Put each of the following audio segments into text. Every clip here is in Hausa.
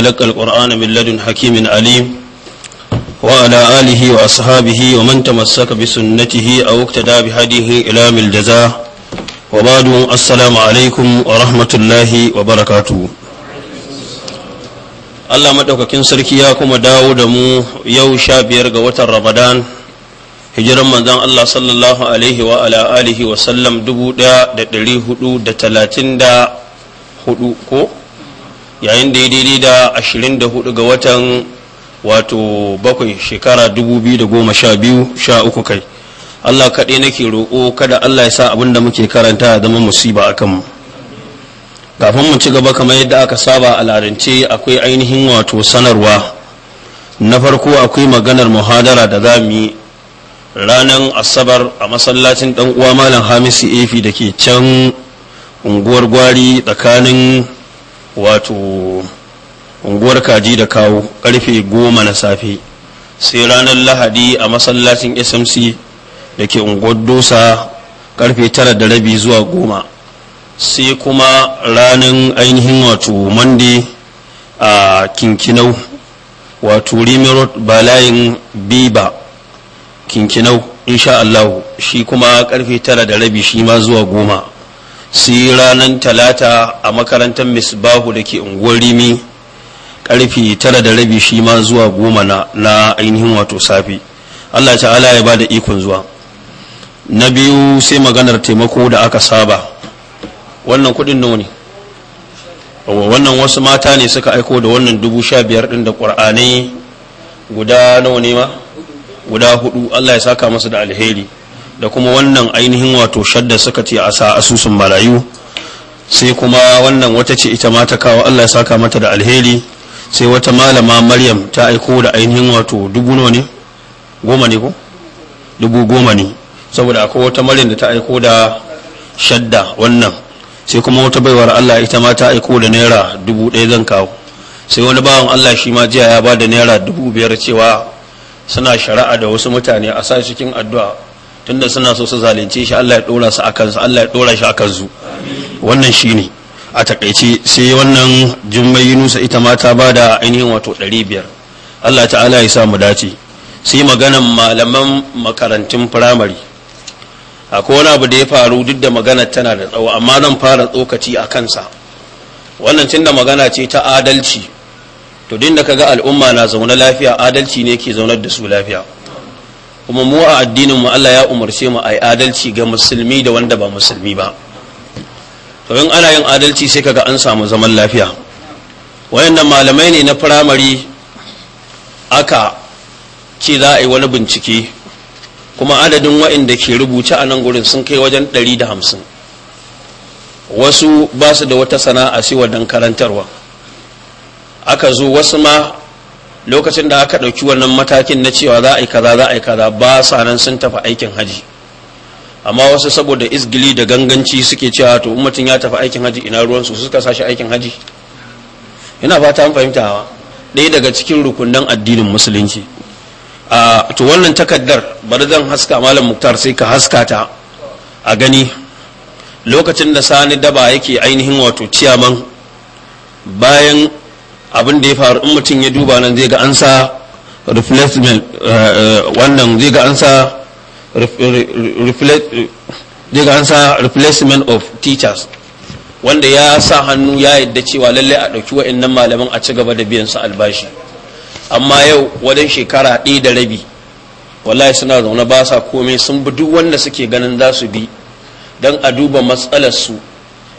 تلقى القرآن من لدن حكيم عليم وعلى آله وأصحابه ومن تمسك بسنته أو اقتدى بهديه إلى الجزاء وبعد السلام عليكم ورحمة الله وبركاته Allah madaukakin sarki ya kuma dawo da mu yau sha biyar ga watan Ramadan hijiran manzon Allah sallallahu alaihi wa ala alihi wa sallam dubu ɗaya da ɗari hudu da talatin da hudu ko yayin da ya daidai da 24 ga watan wato bakwai shekara 2012 sha kai Allah kaɗai nake roƙo kada Allah ya sa abin da muke karanta ya zama musiba a kanmu kafin mu ci gaba kamar yadda aka saba a larance akwai ainihin wato sanarwa na farko akwai maganar muhadara da za mu yi ranar asabar a masallacin ɗan uwa malam hamisu efi da ke can unguwar gwari tsakanin wato unguwar kaji da kawo karfe goma na safe sai ranar lahadi a masallacin smc da ke unguwar dosa karfe tara da rabi zuwa goma sai kuma ranar ainihin wato monday a kinkinau wato rimerot balayin biba kinkinau insha shi kuma karfe tara da rabi shi ma zuwa goma su yi ranar talata a makarantar misbahu da ke unguwar rimi karfi tara da rabi shi ma zuwa goma na ainihin wato safi allah ta'ala ya ba da ikon zuwa na biyu sai maganar taimako da aka saba wannan kudin nawa ne wannan wasu mata ne suka aiko da wannan dubu sha biyar din da ƙwar'anai guda nawa ne ma guda hudu allah ya saka masu da alheri da kuma wannan ainihin wato shadda suka ce a asusun marayu sai kuma wannan wata ce ita ma ta kawo Allah ya saka mata da alheri sai wata malama Maryam ta aiko da ainihin wato dubu ne goma ne ko dubu goma ne saboda akwai wata Maryam da ta aiko da shadda wannan sai kuma wata baiwar Allah ita ma ta aiko da naira dubu ɗaya zan kawo sai wani bawan Allah shi ma jiya ya ba da naira dubu biyar cewa suna shari'a da wasu mutane a sa cikin addu'a tunda suna so su zalunce shi Allah ya dora su akan su Allah ya dora shi akan su wannan shine a takaice sai wannan jummai Yunusa ita ma ta bada ainihin wato 500 Allah ta'ala ya sa mu dace sai maganan malaman makarantun firamare akwai wani abu da ya faru duk da magana tana da tsawo amma zan fara tsokaci a kansa wannan tunda magana ce ta adalci to din da kaga al'umma na zaune lafiya adalci ne ke zaunar da su lafiya kuma mu a addinin mu Allah ya umarce mu a yi adalci ga musulmi da wanda ba musulmi ba to in ana yin adalci sai kaga an samu zaman lafiya wayannan malamai ne na firamare aka ce za a yi wani bincike kuma adadin wa'inda ke rubuce a nan gurin sun kai wajen 150 wasu ba su da wata sana'a sai wadan karantarwa aka zo wasu ma lokacin da aka ɗauki wannan matakin na cewa za a yi kaza za a yi kaza ba sa nan sun tafi aikin haji amma wasu saboda izgili da ganganci suke cewa to mutum ya tafi aikin haji ina ruwan su suka sashi aikin haji ina fata an fahimtawa ɗaya daga cikin rukunan addinin musulunci a to wannan takaddar bari zan haska malam muktar sai ka haska ta a gani lokacin da sani daba yake ainihin wato ciyaman bayan abin da ya faru in mutum ya duba nan zai ga an replacement eh, eh, wannan zai ga an sa zai ga an replacement of teachers wanda ya sa hannu ya yadda cewa lallai a ɗauki wa'annan malaman a ci gaba da biyan su albashi amma yau wajen shekara ɗaya da rabi wallahi suna zaune ba sa komai sun bi duk wanda suke ganin za su bi don a duba matsalar su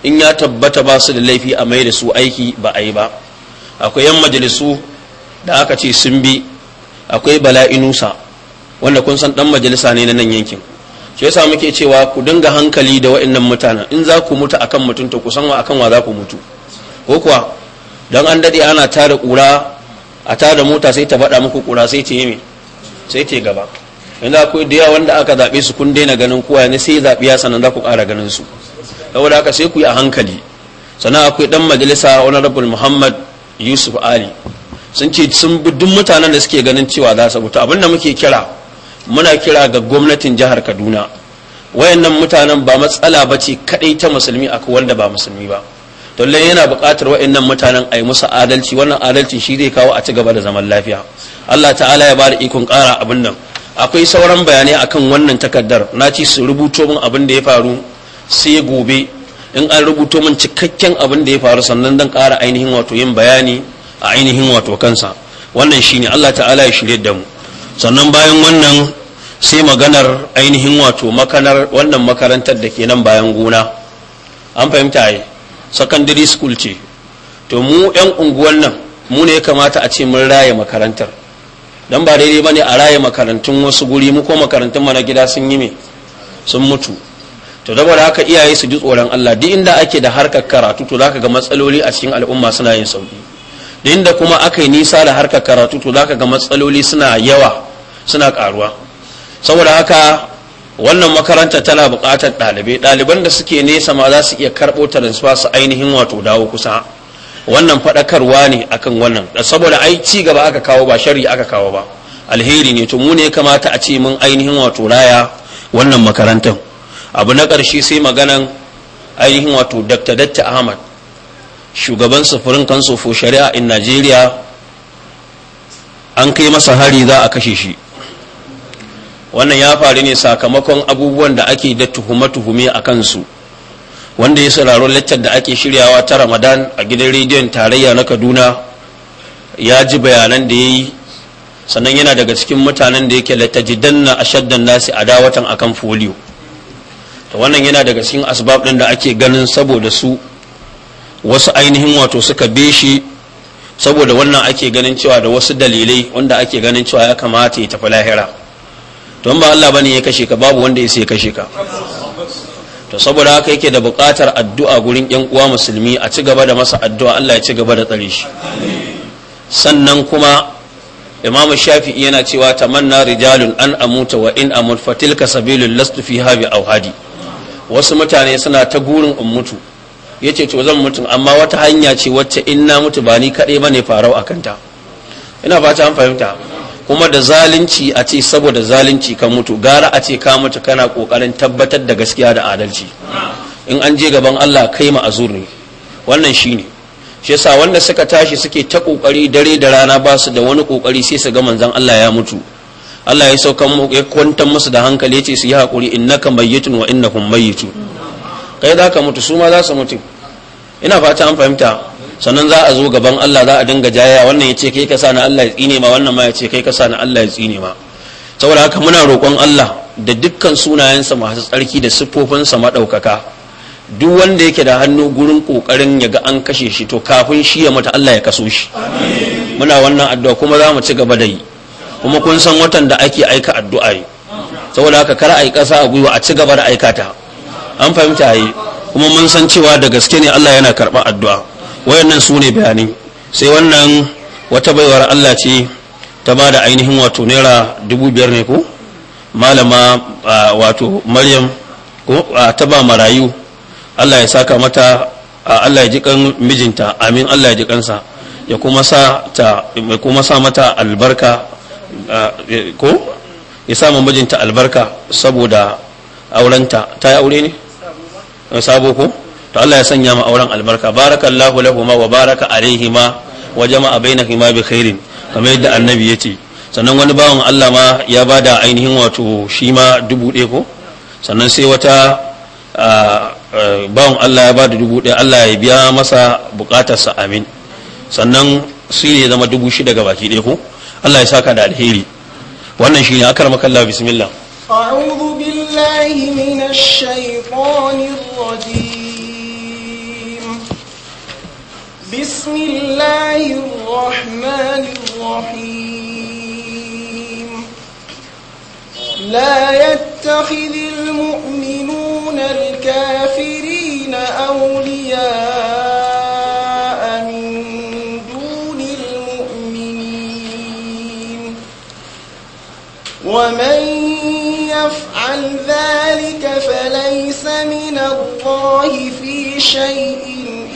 in ya tabbata ba su da laifi a mai da su aiki ba a yi ba akwai yan majalisu da aka ce sun bi akwai bala'inusa wanda kun san dan majalisa ne na nan yankin shi yasa muke cewa ku dinga hankali da wa'annan mutanen in za ku mutu akan mutum to ku san wa akan wa za ku mutu ko kuwa don an dade ana tara kura a tada mota sai ta faɗa muku kura sai ta yi sai ta gaba yanzu akwai da yawa wanda aka zaɓe su kun daina ganin kowa ne sai zaɓi ya sanan za ku ƙara ganin su saboda haka sai ku yi a hankali sannan akwai dan majalisa wani honorable muhammad yusuf ali sun ce sun bi duk mutanen da suke ganin cewa za su abin da muke kira muna kira ga gwamnatin jihar kaduna wayannan mutanen ba matsala ba ce kadai ta musulmi a wanda ba musulmi ba lallai yana buƙatar waɗannan mutanen a yi musu adalci wannan adalci shi zai kawo a ci gaba da zaman lafiya Allah ta'ala ya bada ikon ƙara abin nan akwai sauran bayanai akan wannan takardar na ci su rubuto min abin da ya faru sai gobe in an rubuto min cikakken abin da ya faru sannan dan ƙara ainihin wato yin bayani a ainihin wato kansa wannan shine Allah ta'ala ya shirye da mu sannan bayan wannan sai maganar ainihin wato makanar wannan makarantar da ke nan bayan gona an fahimta yi secondary school ce to mu yan unguwan nan mu ne ya kamata a ce mun raye makarantar dan ba daidai bane a raye makarantun wasu guri mu ko makarantun mana gida sun yi me sun mutu to da haka iyaye su ji tsoron Allah duk inda ake da harkar karatu to zaka ga matsaloli a cikin al'umma suna yin sauki duk inda kuma aka yi nisa da harkar karatu to zaka ga matsaloli suna yawa suna karuwa saboda haka wannan makaranta tana buƙatar ɗalibai ɗaliban da suke nesa ma za su iya karɓo taransifa su ainihin wato dawo kusa wannan faɗakarwa ne akan wannan saboda ai ci gaba aka kawo ba shari aka kawo ba alheri ne to mu ne kamata a ce mun ainihin wato raya wannan makarantar abu na ƙarshe sai maganan ainihin wato dr dr ahmad shugaban sufurin kansu for shari'a in najeriya an kai masa hari za a kashe shi wannan ya faru ne sakamakon abubuwan da ake da tuhume-tuhume a kansu wanda ya sauraro laccar da ake shiryawa ta ramadan a gidan rediyon tarayya na kaduna ya ji bayanan da ya yi sannan yana daga cikin mutanen da yake na ashaddan nasi a adawatan akan foliyo to wannan yana daga cikin asbab ɗin da ake ganin saboda su wasu ainihin wato suka be shi saboda wannan ake ganin cewa da wasu dalilai wanda ake ganin cewa ya kamata ya tafi lahira don ba Allah bane ya kashe ka babu wanda ya sai kashe ka to saboda haka yake da buƙatar addu'a gurin yan uwa musulmi a ci gaba da masa addu'a Allah ya ci gaba da tsare shi sannan kuma imam shafi'i yana cewa tamanna rijalun an amuta wa in amut fatilka sabilul lastu fiha bi auhadi wasu mutane suna ta gurin in mutu ya ce to zan mutu amma wata hanya ce wacce in na mutu ba ni kaɗai ba ne farau a kanta ina fata an fahimta kuma da zalunci a ce saboda zalunci kan mutu gara a ce ka mutu kana kokarin tabbatar da gaskiya da adalci in an je gaban Allah kai ma azur ne wannan shine shi yasa wanda suka tashi suke ta kokari dare da rana ba su da wani kokari sai su ga manzon Allah ya mutu Allah ya saukan ya kwantar musu da hankali ya ce su yi haƙuri innaka mayyitun wa innahum mayyitun kai za ka mutu su ma za su mutu ina fata an fahimta sannan za a zo gaban Allah za a dinga jaya wannan ya ce kai ka sa na Allah ya tsine ma wannan ma ya ce kai ka sa na Allah ya tsine ma saboda haka muna roƙon Allah da dukkan sunayensa masu tsarki da siffofinsa maɗaukaka duk wanda yake da hannu gurin ƙoƙarin ya ga an kashe shi to kafin shi ya mutu Allah ya kaso shi muna wannan addu'a kuma za mu ci gaba da yi kuma kun san watan da ake aika addu'a ne saboda haka kar a yi ƙasa a gwiwa a ci gaba da aikata an fahimta yi kuma mun san cewa da gaske ne Allah yana karɓar addu'a wayannan su ne bayani sai wannan wata baiwar Allah ce ta ba da ainihin wato naira dubu biyar ne ko malama wato maryam ta ba marayu Allah ya saka mata Allah ya ji kan mijinta amin Allah ya ji kansa ya kuma sa mata albarka Eh, ko ya samu mijinta albarka saboda aurenta ta yi aure ne eh, sabo ko to Allah ya sanya ma auren albarka baraka barakallahu lahuma wa baraka alaihima wa jama'a bainahuma bi khairin kamar yadda annabi ya ce sannan wani bawan Allah ma ya bada ainihin wato shi ma dubu ɗaya ko sannan sai wata ah, eh, bawan Allah ya bada dubu ɗaya Allah ya biya masa bukatarsa amin sannan su ne zama dubu shida ga baki ɗaya ko الله ya على الحيل alheri wannan أكرمك الله بسم الله أعوذ بالله من الشيطان الرجيم بسم الله الرحمن الرحيم لا يتخذ المؤمنون الكافرين أولياء ومن يفعل ذلك فليس من الله في شيء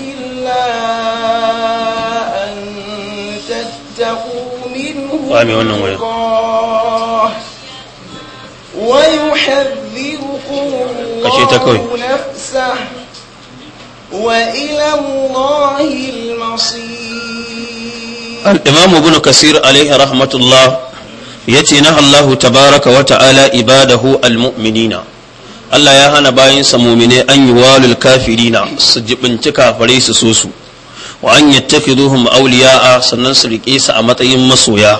إلا أن تتقوا منه ويحذركم الله نفسه وإلى الله المصير الإمام ابن كثير عليه رحمة الله yace na Allahu tabaraka wa ta'ala ibadahu almu'minina Allah ya hana bayansa mu'mine an yi walul kafirina su jibinci kafirai su so su wa an yattakhidhuhum awliya'a sannan su rike su a matsayin masoya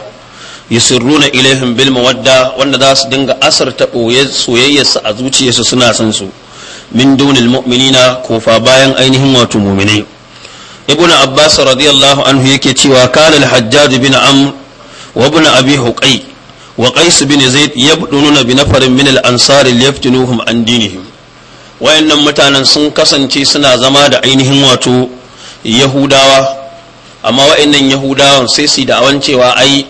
yusirruna ilaihim bil mawadda wanda za su dinga asarta boye soyayyar su a zuciyarsu suna son su min dunil mu'minina kofa bayan ainihin wato mu'mine ibn abbas radiyallahu anhu yake cewa kana al-hajjaj bin amr wa abi huqay wa bini zai zaid yabdununa bi nafarin farin al ansari liyaftinuhum an dinihim wayannan mutanen sun kasance suna zama da ainihin wato yahudawa amma wayannan yahudawan sai su da cewa ai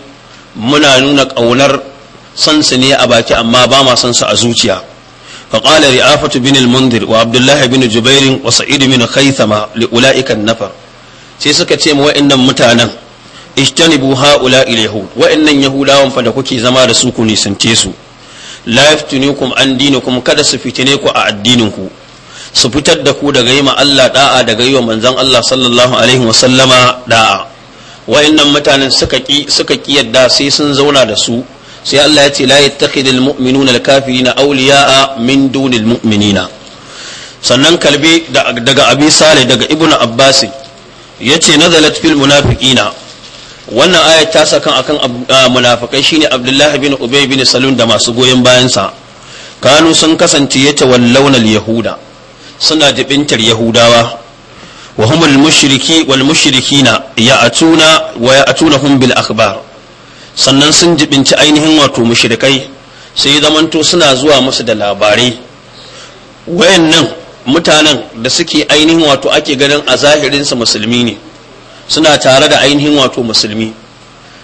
muna nuna ƙaunar san ne a baki amma ba ma san su a zuciya فقال رئافة بن المنذر وعبد الله بن جبير min بن خيثمة لأولئك النفر sai suka ce ma wa'annan mutanen ijtanibu haula ilyahud wa'annan yahudawan fa da kuke zama da su ku nisance su la yaftinukum an dinikum kada su fitine ku a addinin ku su fitar da ku daga yima Allah da'a daga yiwa manzon Allah sallallahu alaihi wa sallama da'a wa'annan mutanen suka ki suka kiyarda sai sun zauna da su sai Allah ya ce la yattakhidul mu'minuna al-kafirina awliya'a min dunil mu'minina sannan kalbi daga abi sale daga ibnu abbas yace nazalat fil munafiqina wannan ayat ta saka akan munafikai shine Abdullah bin Ubay bin Salun da masu goyon bayan sa kanu sun kasance ya tawallawna yahuda suna jibintar yahudawa wa humul mushriki wal mushrikina ya'tuna wa bil akhbar sannan sun jibinci ainihin wato mushrikai sai zamanto suna zuwa musu da labarai wayannan mutanen da suke ainihin wato ake ganin a zahirinsa musulmi ne suna tare da ainihin wato musulmi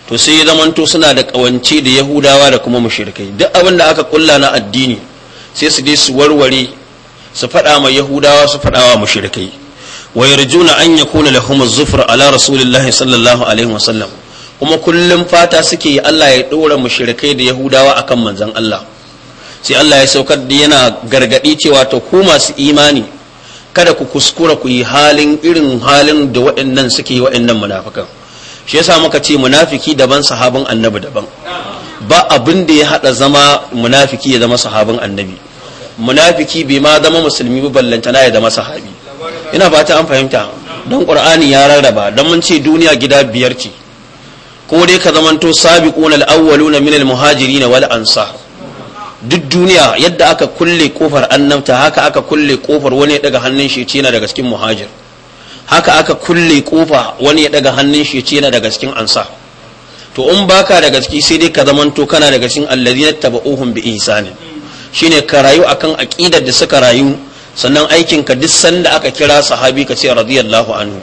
to sai ya zamanto suna da kawance da yahudawa da kuma mushrikai duk abin da aka kulla na addini sai su je su warware su faɗa ma yahudawa su faɗa wa mushrikai wa yarjuna an yakuna lahum az-zufr ala rasulillahi sallallahu alaihi kuma kullum fata suke yi Allah ya ɗora mushrikai da yahudawa akan manzon Allah sai Allah ya saukar da yana gargadi cewa to ku masu imani kada ku kuskura ku yi halin irin halin da waɗannan suke yi waɗannan munafikan shi yasa muka ce munafiki daban sahabin annabi daban ba abin da ya hada zama munafiki ya zama sahabin annabi munafiki bai ma zama musulmi ba ballantana ya zama sahabi ina fata an fahimta don qur'ani ya rarraba don mun ce duniya gida biyar ce ko dai ka zamanto sabiquna awwaluna min al-muhajirin wal ansar duk duniya yadda aka kulle kofar annabta haka aka kulle kofar wani ya daga hannun shi ce yana daga cikin muhajir haka aka kulle kofa wani ya daga hannun shi ce yana daga cikin ansa to in baka daga ciki sai dai ka zamanto kana daga cikin alladhina tabauhum bi ihsanin shine ka rayu akan aqidar da suka rayu sannan aikin ka duk sanda aka kira sahabi ka ce radiyallahu anhu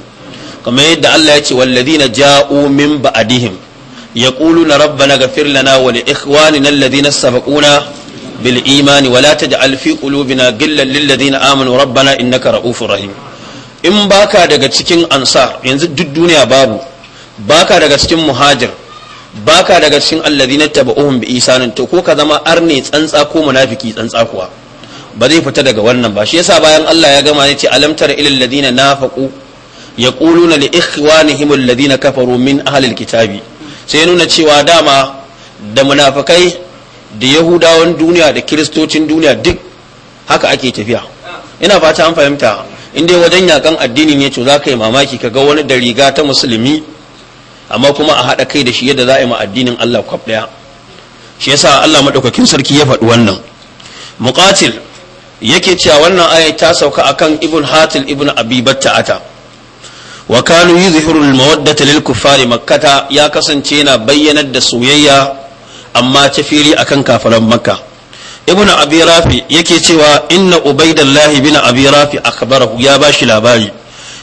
kamar yadda Allah ya ce walladhina ja'u min ba'dihim yaquluna rabbana ghfir lana wa li ikhwanina alladhina sabaquna bil imani wala taj'al fi qulubina ghillan lil ladina amanu rabbana innaka ra'ufur rahim in baka daga cikin ansar yanzu duk duniya babu baka daga cikin muhajir baka daga cikin alladhina tabauhum bi isanin to ko ka zama arne tsantsa ko munafiki tsantsa kuwa ba zai fita daga wannan ba shi yasa bayan Allah ya gama yace alam tara ilal ladina nafaqu yaquluna li ikhwanihim alladhina kafaru min ahli alkitabi sai nuna cewa dama da munafikai da yahudawan duniya da kiristocin duniya duk haka ake tafiya ina fata an fahimta inda dai wajen yakan addinin ya ce za ka yi mamaki ka ga wani da riga ta musulmi amma kuma a haɗa kai da shi yadda za a yi ma addinin Allah kwaf ɗaya shi yasa Allah maɗaukakin sarki ya faɗi wannan muqatil yake cewa wannan aya ta sauka a kan ibn hatil ibn abi ata wa kanu yuzhiru al-mawaddata lil kuffari makkata ya kasance yana bayyanar da soyayya amma ta fili kan kafiran makka Ibn abi rafi yake cewa inna ubaidallahi bin abi rafi akhbarahu ya bashi labari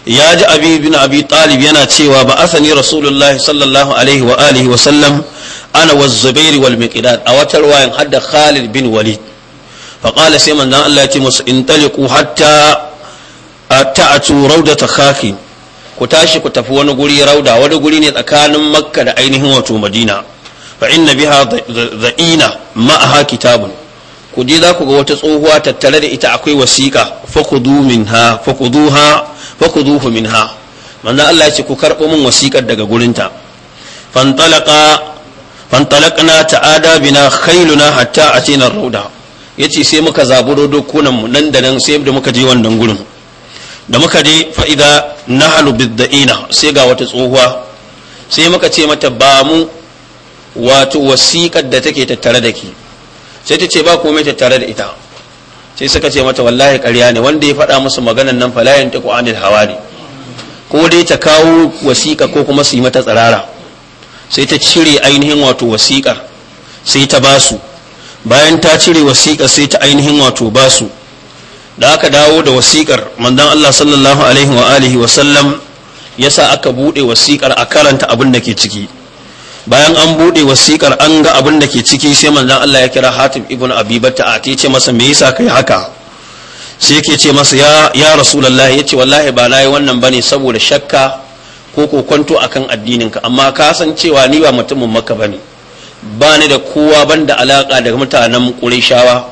ya ji abi bin abi talib yana cewa ba asani rasulullahi sallallahu alaihi wa alihi wa sallam ana wa zubairi wal miqdad a watar wayan hadda khalid bin walid fa qala sai manzon Allah ya ce musu intaliqu hatta ta'atu turauda khaki ku tashi ku tafi wani guri rauda wani guri ne tsakanin makka da ainihin wato madina fa inna biha dha'ina ma'aha kitabun ku je za ku ga wata tsohuwa tattare da ita akwai wasiƙa fakudu minha fakuduhu minha manzo Allah ya ce ku karɓo min wasiƙar daga gurinta fantalaqa fantalaqna ta'ada bina khailuna hatta atina rauda yace sai muka zaburo dokunan mu nan da nan sai da muka je wannan gurin da muka je fa'ida idza bidda'ina sai ga wata tsohuwa sai muka ce mata ba mu wato wasiƙar da take tattare da ke sai ta ce ba komai tattare da ita sai suka ce mata wallahi karya ne wanda ya faɗa musu maganan nan falayan ta hawa ne ko dai ta kawo wasiƙa ko kuma su yi mata tsirara sai ta cire ainihin wato wasiƙa sai ta ba su bayan ta cire wasiƙa sai ta ainihin wato ba su da aka dawo da wasiƙar mandan Allah sallallahu alaihi wa alihi wa sallam yasa aka buɗe wasiƙar a karanta abin da ke ciki bayan an buɗe wasiƙar an ga abin da ke ciki sai manzan Allah ya kira hatim ibn Abi a ta ce masa me yasa kai haka sai yake ce masa ya ya rasulullahi yace wallahi ba nayi wannan bane saboda shakka ko kwanto akan addinin ka amma ka san cewa ni ba mutumin Makka bane ba ni da kowa ban da alaka da mutanen Qurayshawa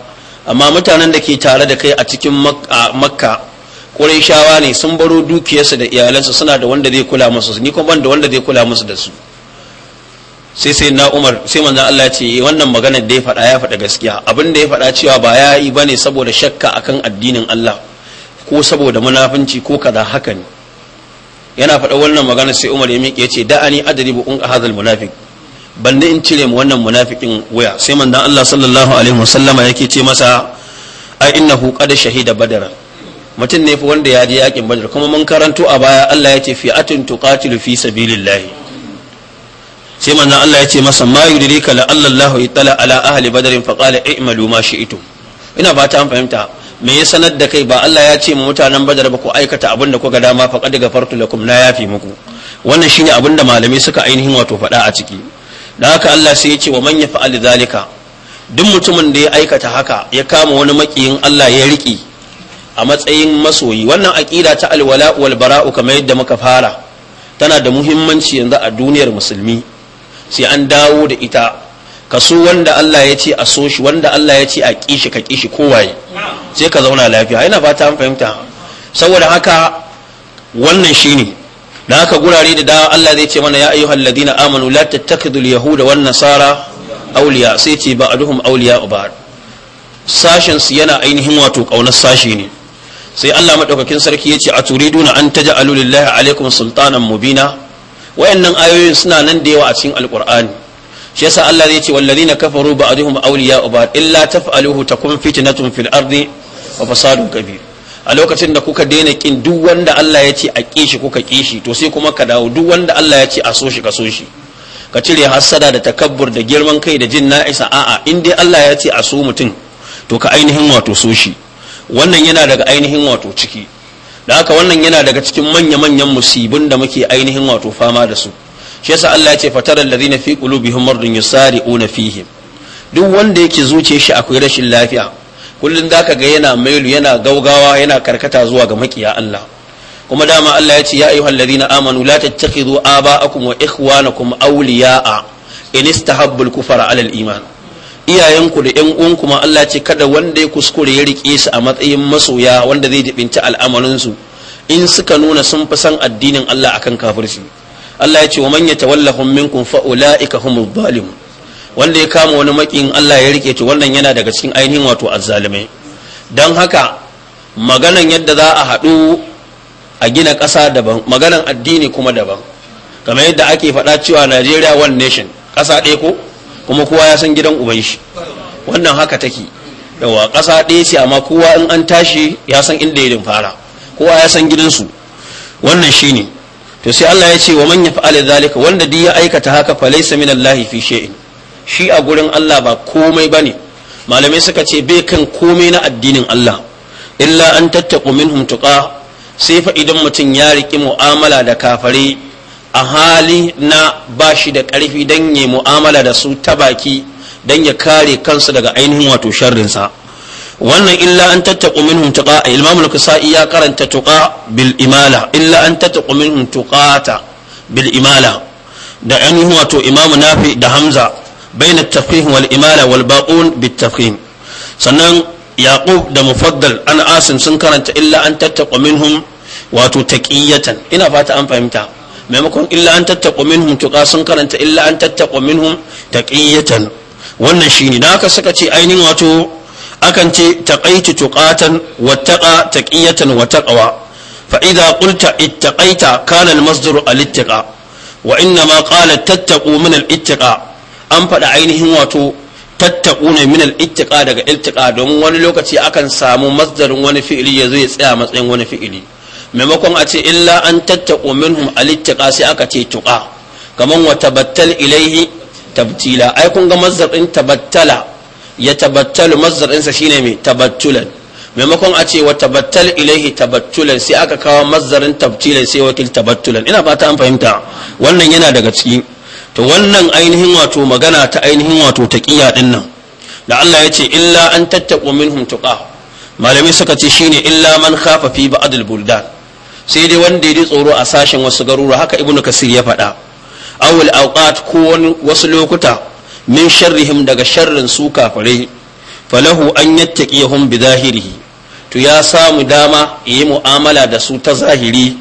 amma mutanen da ke tare da kai a cikin Makka Qurayshawa ne sun baro dukiyarsu da iyalansu suna da wanda zai kula musu ni kuma ban da wanda zai kula musu da su sai sai na umar sai manzan Allah ce eh, wannan magana da ya faɗa ya faɗa gaskiya abin da ya faɗa cewa ba ya yi bane saboda shakka akan addinin Allah ko saboda munafunci ko kaza haka ne yana faɗa wannan magana sai umar ya miƙe ya ce da da'ani bu un hadal munafiq balle in cire mu wannan munafikin waya sai manzan Allah sallallahu alaihi wasallama yake ce masa ai innahu qad shahida badara mutum ne fa wanda ya je yakin badar kuma mun karanto a baya Allah ya ce fi'atun tuqatilu fi sabilillahi sai manzon Allah ya ce masa ma yudrika la Allah ya tala ala ahli badrin fa qala i'malu ma shi'tum ina ba ta fahimta me ya sanar da kai ba Allah ya ce ma mutanen badar ba ku aikata abin da kuka dama fa qad gafartu lakum na yafi muku wannan shine abin da malamai suka ainihin wato faɗa a ciki da haka Allah sai ya ce wa man yaf'al zalika duk mutumin da ya aikata haka ya kama wani makiyin Allah ya riƙe a matsayin masoyi wannan aƙida ta alwala wal bara'u kamar yadda muka fara tana da muhimmanci yanzu a duniyar musulmi sai an dawo da ita ka so wanda Allah ya ce a so shi wanda Allah ya ce a kishi ka kishi kowaye sai ka zauna lafiya ina fata an fahimta saboda haka wannan shine da haka gurare da dawa Allah zai ce mana ya ayyuhal ladina amanu la tattakhidhu al yahuda wan nasara awliya sai ce ba'duhum awliya ba. sashin su yana ainihin wato kaunar sashi ne sai Allah madaukakin sarki ya ce a turiduna an taj'alu lillahi alaikum sultanan mubina wayannan ayoyin suna nan da yawa a cikin alqur'ani shi yasa Allah zai ce wallazina kafaru ba'dhum awliya'u ba'd illa taf'aluhu takun fitnatun fil ardi wa fasadun kabir a lokacin da kuka daina kin duk wanda Allah ya ce a kishi kuka kishi to sai kuma ka dawo duk wanda Allah ya ce a so shi ka so shi ka cire hassada da takabbur da girman kai da jin na'isa a'a in dai Allah ya ce a so mutum to ka ainihin wato so shi wannan yana daga ainihin wato ciki da haka wannan yana daga cikin manya-manyan musibin da muke ainihin wato fama da su shi yasa Allah ya ce fataral na fi qulubihim mardun yusari'una fihi duk wanda yake zuce shi akwai rashin lafiya kullun zaka ga yana mailu yana gaugawa yana karkata zuwa ga makiya Allah kuma dama Allah ya ce ya ayyuhal ladina amanu la tattakhidhu aba'akum wa ikhwanakum awliya'a in istahabbu al-kufara 'ala al-iman iyayenku da yan uwanku ma Allah ce kada wanda ya kuskure ya rike su a matsayin masoya wanda zai jibinci al'amarin su in suka nuna sun fi san addinin Allah akan kafirci Allah ya ce wa man yatawallahum minkum fa ulaika humuz zalimun wanda ya kama wani makin Allah ya rike ta wannan yana daga cikin ainihin wato azzalimai dan haka maganan yadda za a haɗu a gina ƙasa daban maganan addini kuma daban kamar yadda ake faɗa cewa Najeriya one nation ƙasa ɗaya ko kuma kowa ya san gidan uban shi wannan haka take yawa ƙasa ɗaya ce amma kowa in an tashi ya san inda ya fara kowa ya san gidansu wannan shi ne to sai Allah ya ce wa man fa'ala zalika wanda duk ya aikata haka fa laysa min fi shay'in shi a gurin Allah ba komai bane malamai suka ce bai kan komai na addinin Allah illa an tattaqu min tuqa sai fa idan mutum ya riki mu'amala da kafare a hali na ba shi da ƙarfi don ya mu'amala da su ta baki don ya kare kansu daga ainihin wato sharrinsa wannan illa an tattaku minhum tuqa imam al-kisai ya karanta tuqa bil imala illa an tattaku minhum tuqata bil imala da ainihin wato imam nafi da hamza bain at-tafhim wal imala wal baqun bit tafhim sannan yaqub da mufaddal an asim sun karanta illa an tattaku minhum wato taqiyatan ina fata an fahimta maimakon illa an tattaqu minhum tuƙa sun karanta illa an tattaqu minhum taqiyatan wannan shine da haka suka ce ainihin wato akan ce taqaitu tuqatan wattaqa taqiyatan wa taqwa fa idza qulta ittaqaita kana al masdaru al ittiqa wa inna ma qala tattaqu min al an faɗa ainihin wato tattaquna min al daga iltiqa don wani lokaci akan samu masdarin wani fi'ili zo ya tsaya matsayin wani fi'ili maimakon a ce illa an tattaƙo minhum alittiqa sai aka ce tuƙa kaman wa tabattal ilaihi tabtila ai kun ga mazdar tabattala ya tabattalu mazdar sa shine mai tabattulan maimakon a ce wa tabattal ilaihi tabattulan sai aka kawo mazdarin tabtilan sai wakil tabattulan ina fata an fahimta wannan yana daga ciki to wannan ainihin wato magana ta ainihin wato taqiya din nan da Allah ya ce illa an tattaqu minhum tuqa malamai suka ce shine illa man khafa fi ba'd buldan sai dai wanda ya ji tsoro a sashen wasu garuru haka ibnu kasir ya faɗa awul awqat ko wasu lokuta min sharrihim daga sharrin su kafirai falahu an yattaqihum bi zahirihi to ya samu dama yi mu'amala da su ta zahiri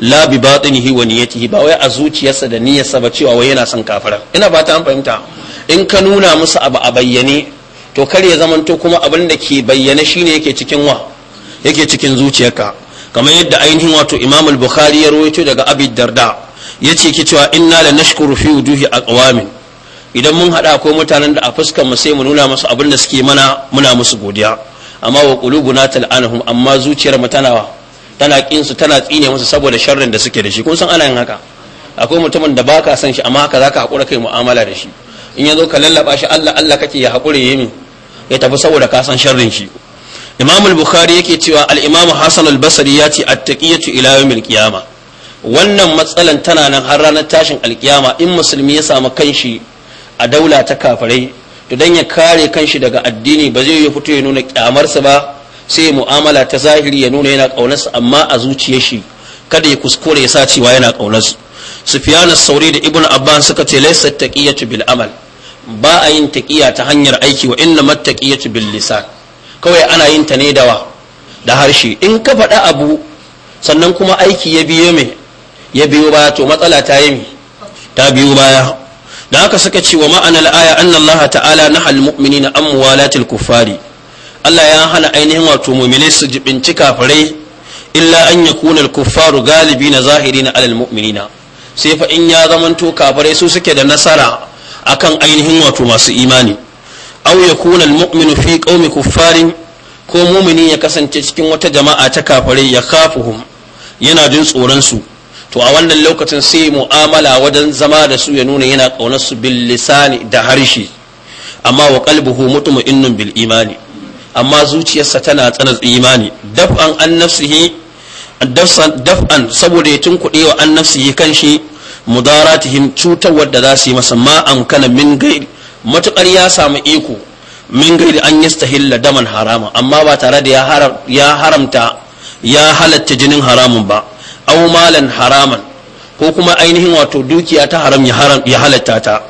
la bi batinihi wa niyyatihi ba wai a zuciyarsa da niyyarsa ba cewa wai yana son kafara ina ba ta an fahimta in ka nuna musu abu a bayyane to kar ya zamanto kuma abin da ke bayyane shine yake cikin wa yake cikin zuciyarka kamar yadda ainihin wato imam al-bukhari ya rawaito daga abi darda yace ki cewa inna la nashkuru fi wuduhi aqwamin idan mun hada ko mutanen da a fuskar mu sai mu nuna musu abin da suke mana muna musu godiya amma wa qulubuna tal'anahum amma zuciyar mu tana tana kin su tana tsine musu saboda sharrin da suke da shi kun san ana yin haka akwai mutumin da baka san shi amma haka zaka hakura kai mu'amala da shi in yazo ka lallaba shi Allah Allah kake ya hakure yi min ya tafi saboda ka san sharrin shi imam al-bukhari yake cewa al-imam hasan al-basri ya ce at-taqiyatu ila yawmil qiyama wannan matsalan tana nan har ranar tashin alkiyama in musulmi ya samu kanshi a daula ta kafirai to dan ya kare kanshi daga addini ba zai fito ya nuna kyamarsa ba sai mu'amala ta zahiri ya nuna yana kaunarsa amma a zuciyar shi kada ya kuskure ya sa cewa yana su sufyan sauri da ibnu abban suka ce laysa taqiyatu bil amal ba a yin taqiya ta hanyar aiki wa inna mattaqiyatu bil lisan kawai ana yin ta ne dawa da harshe in ka faɗa abu sannan kuma aiki ya biyo mai ya biyo baya to matsala ta yi ta biyo baya da haka suka ce wa ma'ana al'aya an Allah ta'ala na halmu'mini na amwalatil kuffari Allah ya hana ainihin wato mu'minai su jibinci kafirai illa an ya kuna kuffaru galibi na zahiri na alal mu'minina sai fa in ya zamanto kafirai su suke da nasara akan ainihin wato masu imani aw yakuna almu'minu fi qaumi kuffarin ko mumini ya kasance cikin wata jama'a ta kafare ya khafuhum yana jin tsoron su to a wannan lokacin sai mu'amala wajen zama da su ya nuna yana kaunar su bil lisani da harshe amma wa qalbuhu mutma'innun bil imani amma zuciyarsa tana tsana imani daf'an an nafsihi daf'an saboda ya tunkuɗe wa an nafsihi kan shi mudaratihim cutar da za su yi masa ma an kana min matukar ya samu iko min gairi an yastahilla daman harama amma ba tare da ya haramta ya halatta jinin haramun ba au malan haraman ko kuma ainihin wato dukiya ta haram ya halatta ta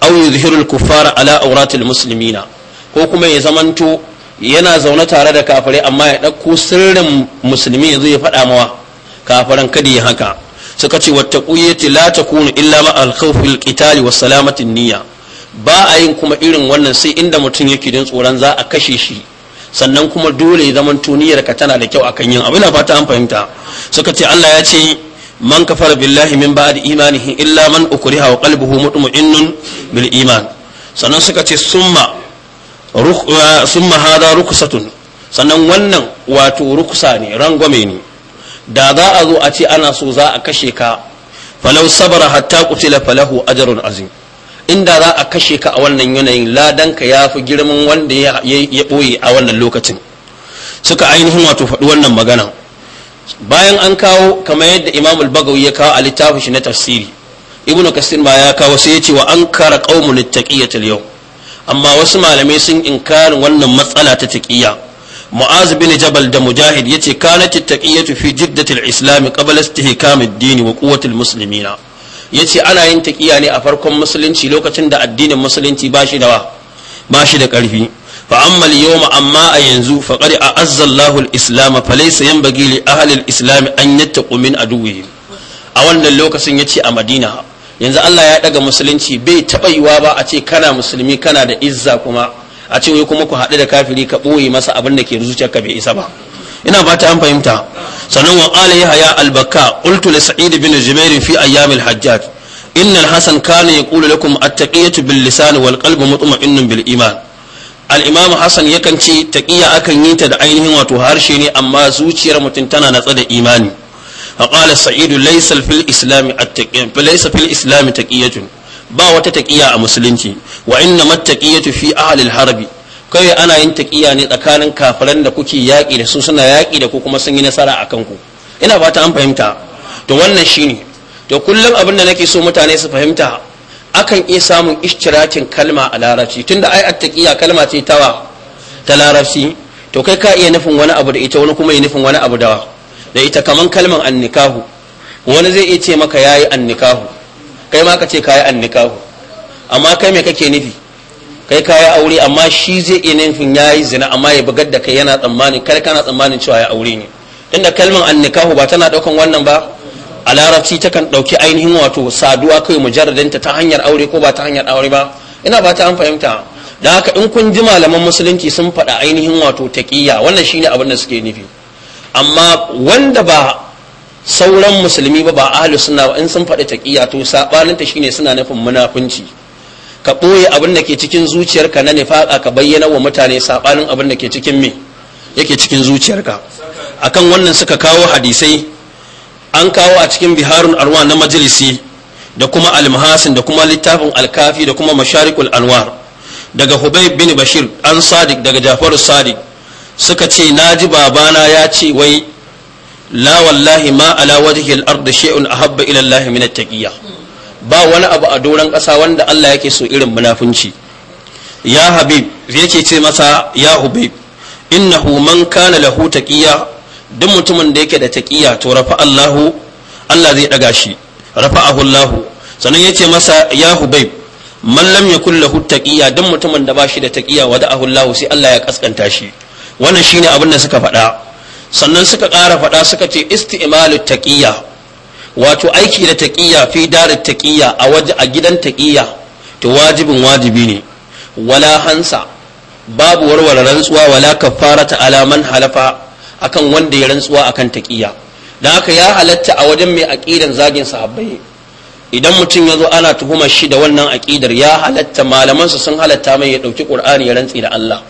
au yuzhirul kuffara ala auratil muslimina ko kuma ya zamanto yana zaune tare da kafirai amma ya dauko sirrin musulmi ya ya faɗa mawa kafiran kada ya haka suka ce wata ƙuyyati la takunu illa ma alkhawfil qitali wa salamatin niyya ba a yin kuma irin wannan sai inda mutum yake jin tsoron za a kashe shi sannan kuma dole zaman tuniyar ka tana da kyau akan yin abu na fata an fahimta suka ce Allah ya ce man kafar billahi min ba'di imanihi illa man ukriha wa qalbuhu mutma'innun bil iman sannan suka ce summa uh, summa hada ruksatun sannan wannan wato ruksa ne rangwame ne da za a zo a ce ana so za a kashe ka falau sabara hatta qutila falahu ajrun azim inda za a kashe ka a wannan yanayin ladanka ya fi girman wanda ya ɓoye a wannan lokacin suka ainihin wato faɗi wannan magana bayan an kawo kamar yadda imam bagawi ya kawo a littafin shi na tafsiri ibnu kasir ma ya kawo sai ya ce wa an kara qaumun taqiyatul yau amma wasu malamai sun inkarin wannan matsala ta taƙiyya mu'az bin jabal da mujahid ya ce kana taqiyatu fi jiddatil islami qabla istihkam ad-din wa quwwati al-muslimina ya ce ana yin taƙiya ne a farkon musulunci lokacin da addinin musulunci ba shi da ba shi da ƙarfi fa amma amma a yanzu fa a a'azza al-islam fa laysa yanbaghi li ahli al-islam an yattaqu min aduwwihim a wannan lokacin yace a Madina yanzu Allah ya daga musulunci bai taba yiwa ba a ce kana musulmi kana da izza kuma a ce wai kuma ku haɗu da kafiri ka ɓoye masa abin da ke zuciyarka bai isa ba ina fata an fahimta sannan wa yahaya yahya al sa'idu qultu li sa'id bin jubair fi ayyam al-hajjaj inna al-hasan kana yaqulu lakum at bil lisan wal qalbu mutma'innun bil iman al-imam hasan yakan ce taqiya akan yi ta da ainihin wato harshe ne amma zuciyar mutum tana natsa da imani fa qala sa'id laysa fil islam at ba wata taƙiya a musulunci wa inna mat fi ahli harbi kai ana yin taƙiya ne tsakanin kafiran da kuke yaƙi da su suna yaƙi da ku kuma sun yi nasara a kanku ina ba an fahimta to wannan shine to kullum abin da nake so mutane su fahimta akan iya samun ishtirakin kalma a larabci tunda ai attaqiya kalma ce tawa ta larabci to kai ka iya nufin wani abu da ita wani kuma ya nufin wani abu da da ita kaman kalman annikahu wani zai iya ce maka yayi annikahu kai ma ka ce kayi annikahu amma kai me kake nufi kai ka yi aure amma shi zai iya nufin ya yi zina amma ya bugar da kai yana tsammanin kai kana tsammanin cewa ya aure ne inda kalmar annikahu ba tana daukan wannan ba a larabci kan dauki ainihin wato saduwa kai mujarradinta ta hanyar aure ko ba ta hanyar aure ba ina ba ta an fahimta da haka in kun ji malaman musulunci sun faɗa ainihin wato taqiyya wannan shine abin da suke nufi amma wanda ba sauran musulmi ba ba ahlus sunna ba in sun faɗi taqiyya to sabanin ta shine suna nufin munafunci ka ɓoye abin da ke cikin zuciyarka na nifaqa ka bayyana wa mutane saɓanin abin da ke cikin me yake cikin zuciyarka akan wannan suka kawo hadisai an kawo a cikin biharun arwa na majalisi da kuma almahasin da kuma littafin alkafi da kuma masharikul anwar daga hubay bin bashir an sadiq daga jafaru sadiq suka ce na ji babana ya ce wai la wallahi ma ala wajhi al-ard shay'un ahabba ila Allah min at-taqiyya ba wani abu a doron ƙasa wanda Allah yake so irin munafunci ya habib yake ce masa ya hubib innahu man kana lahu taqiya duk mutumin da yake da taqiya to rafa Allahu Allah zai daga shi rafa'ahu Allahu sannan yace masa ya hubib man lam yakul lahu taqiya duk mutumin da bashi da taqiya wada'ahu Allahu sai Allah ya kaskanta shi wannan shine abin da suka faɗa sannan suka ƙara faɗa suka ce isti'malu taqiya wato aiki da taƙiyya fi darar taƙiyya a waje a gidan taƙiyya to wajibin wajibi ne wala hansa babu warware rantsuwa wala kafara ta alaman halafa akan wanda ya rantsuwa akan taƙiyya dan haka ya halatta a wajen mai aƙidar zagin sahabbai idan mutum ya zo ana tuhumar shi da wannan aƙidar ya halatta malamansa sun halatta mai ya ɗauki ƙur'ani ya rantsi da Allah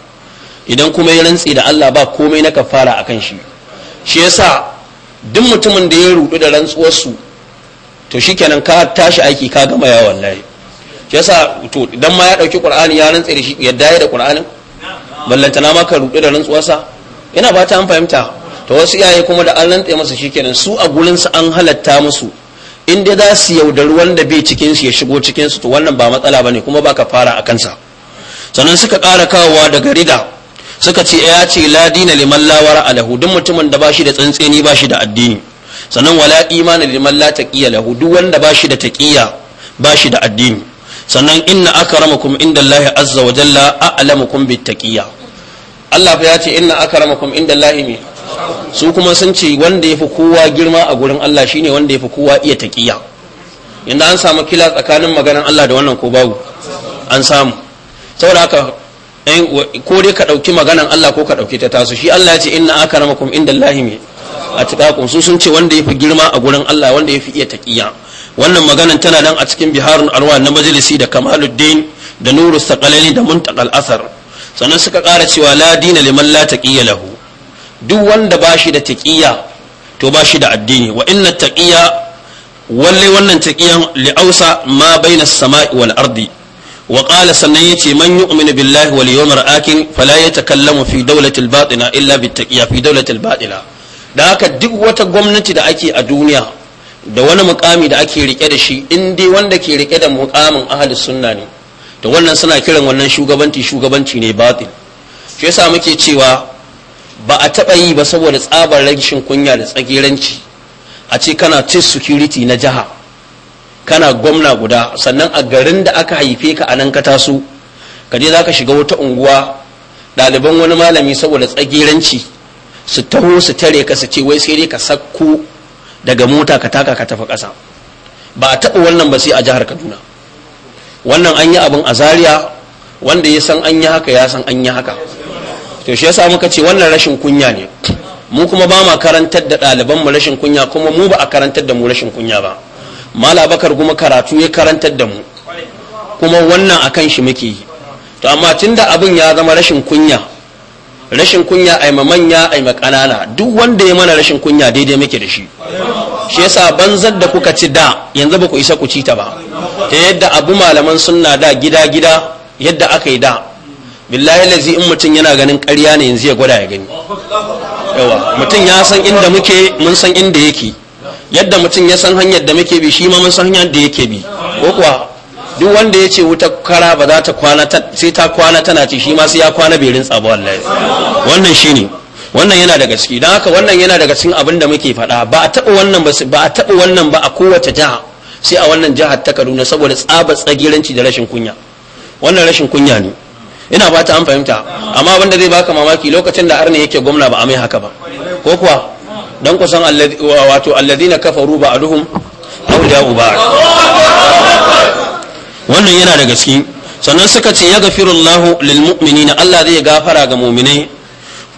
idan kuma ya rantsi da Allah ba komai na kafara akan shi shi yasa duk mutumin da ya rudu da rantsuwarsu to shikenan ka tashi aiki ka gama ya wallahi shi yasa to idan ma ya dauki qur'ani ya rantsa da shi yadda ya da qur'anin ballantana ma ka rudu da rantsuwarsa ina ba ta an fahimta to wasu iyaye kuma da an rantsa masa shikenan su a gurin su an halatta musu in dai za su yaudari wanda bai cikin su ya shigo cikin su to wannan ba matsala bane kuma baka fara a kansa sannan suka ƙara kawowa daga rida suka ce ya ce la dina liman la a alahu duk mutumin da bashi da tsantseni bashi da addini sannan wala imani liman la taqiya lahu duk wanda bashi da taqiya bashi da addini sannan inna akramakum indallahi azza wa jalla a'lamukum bittaqiya Allah fa ya ce inna akramakum indallahi ne su kuma sun ce wanda yafi kowa girma a gurin Allah shine wanda yafi kowa iya taqiya yanda an samu kila tsakanin maganar Allah da wannan ko babu an samu saboda haka ko dai ka ɗauki maganan Allah ko ka ɗauki ta tasu shi Allah ya ce inna akramakum indallahi me a tuƙaƙun su sun ce wanda ya fi girma a gurin Allah wanda ya fi iya taƙiya wannan maganan tana nan a cikin biharun arwa na majalisi da kamaluddin da nuru saƙalani da muntakal asar sannan suka ƙara cewa la dina liman la taƙiya lahu duk wanda ba shi da taƙiya to ba shi da addini wa inna taƙiya walle wannan taƙiyan li'ausa ma bainas sama'i wal ardi wa qala sannan yace man yu'minu billahi wal yawmil akhir fala yatakallamu fi dawlati al illa bittaqiya fi dawlati da haka duk wata gwamnati da ake a duniya da wani mukami da ake rike da shi in dai wanda ke rike da mukamin ahli sunna ne to wannan suna kiran wannan shugabanci shugabanci ne batil shi yasa muke cewa ba a taɓa yi ba saboda tsabar rashin kunya da tsagiranci a ce kana ce security na jiha kana gwamna guda sannan a garin da aka haife ka anan ka taso ka je zaka shiga wata unguwa ɗaliban wani malami saboda tsagiranci su taho su tare ka su ce wai sai dai ka sakko daga mota ka taka ka tafi kasa ba a taɓa wannan ba sai a jihar kaduna wannan an yi abin a zaria wanda ya san an yi haka ya san an yi haka to shi yasa muka ce wannan rashin kunya ne mu kuma ba ma karantar da ɗaliban mu rashin kunya kuma mu ba a karantar da mu rashin kunya ba mala bakar kuma karatu ya karantar da mu kuma wannan akan shi muke yi to amma tun da abin ya zama rashin kunya rashin kunya a ma manya a ma ƙanana duk wanda ya mana rashin kunya daidai muke da shi shi yasa banzar da kuka ci da yanzu ba ku isa ku ci ta ba ta yadda abu malaman sunna da gida gida yadda aka yi da billahi lazi in mutum yana ganin karya ne yanzu ya gwada ya gani yawa mutum ya san inda muke mun san inda yake yadda mutum ya san hanyar da muke bi shi ma mun san hanyar da yake bi ko kuwa duk wanda ya ce wuta kara ba za ta kwana sai ta kwana tana ce shi ma sai ya kwana bai rinsa ba wallahi wannan shine wannan yana daga ciki don haka wannan yana daga cikin abin da muke faɗa ba a taɓa wannan ba ba a taɓa wannan ba a kowace jiha sai a wannan jihar ta Kaduna saboda tsaba tsagiranci da rashin kunya wannan rashin kunya ne ina ba ta an fahimta amma abin da zai baka mamaki lokacin da arne yake gwamna ba a mai haka ba ko kuwa dan kusan wato alladina kafaru ba'duhum awliya'u uba wannan yana daga cikin sannan suka ce ya gafirullahu lil mu'minina Allah zai gafara ga mu'minai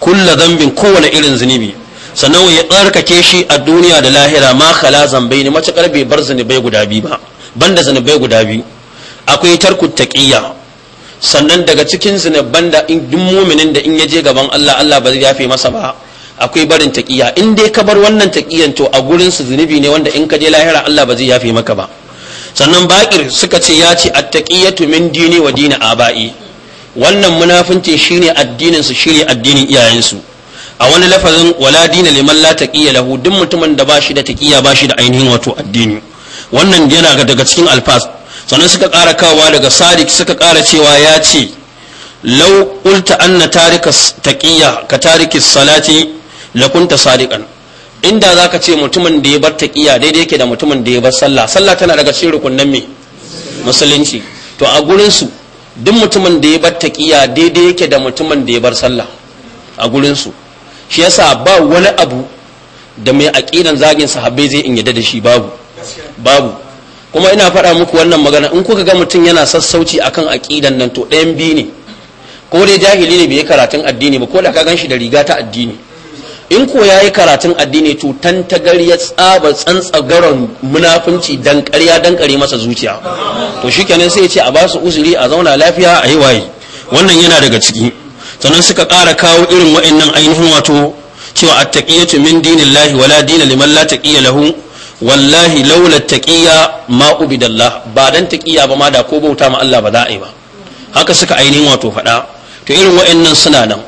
kulla zambin kowane irin zunubi sannan ya tsarkake shi a duniya da lahira ma khala zambai ne matakar bar zunubai guda biyu ba banda zunubai guda biyu akwai tarkut taqiyya sannan daga cikin zunubban da in mu'minin da in ya je gaban Allah Allah ba zai yafe masa ba akwai barin taqiya in dai ka bar wannan taqiyan to a gurin su zunubi ne wanda in ka je lahira Allah ba zai yafe maka ba sannan bakir suka ce ya ce attaqiyatu min dini wa dini aba'i wannan munafinci shine addinin su shine addinin iyayensu a wani lafazin wala dina liman la taqiya lahu duk mutumin da bashi da taqiya bashi da ainihin wato addini wannan yana daga cikin alfas sannan suka ƙara kawowa daga sadik suka ƙara cewa ya ce lau qulta anna tarika taqiya ka tariki salati lakunta sadiqan inda zaka ce mutumin da ya bar taqiya daidai yake da mutumin da ya bar sallah sallah tana daga cikin rukunin me musulunci to a gurin su duk mutumin da ya bar taqiya daidai yake da mutumin da ya bar sallah a gurin su shi yasa ba wani abu da mai aqidan zagin sahabbai zai in yadda da shi babu babu kuma ina faɗa muku wannan magana in kuka ga mutum yana sassauci akan aqidan nan to ɗayan biyu ne ko dai jahili ne bai karatun addini ba ko da ka gan shi da riga ta addini in ko ya yi karatun addini to tantagar ya tsaba tsantsagaron munafunci dan ƙarya dan masa zuciya to kenan sai ya ce a ba su uzuri a zauna lafiya a yi waye wannan yana daga ciki sannan suka ƙara kawo irin wa'annan ainihin wato cewa attaqiyatu min dinillahi wala dina liman la taqiya lahu wallahi laula taqiya ma ubidallah ba dan taqiya ba ma da ko bauta ma Allah ba za a yi ba haka suka ainihin wato faɗa to irin wa'annan suna nan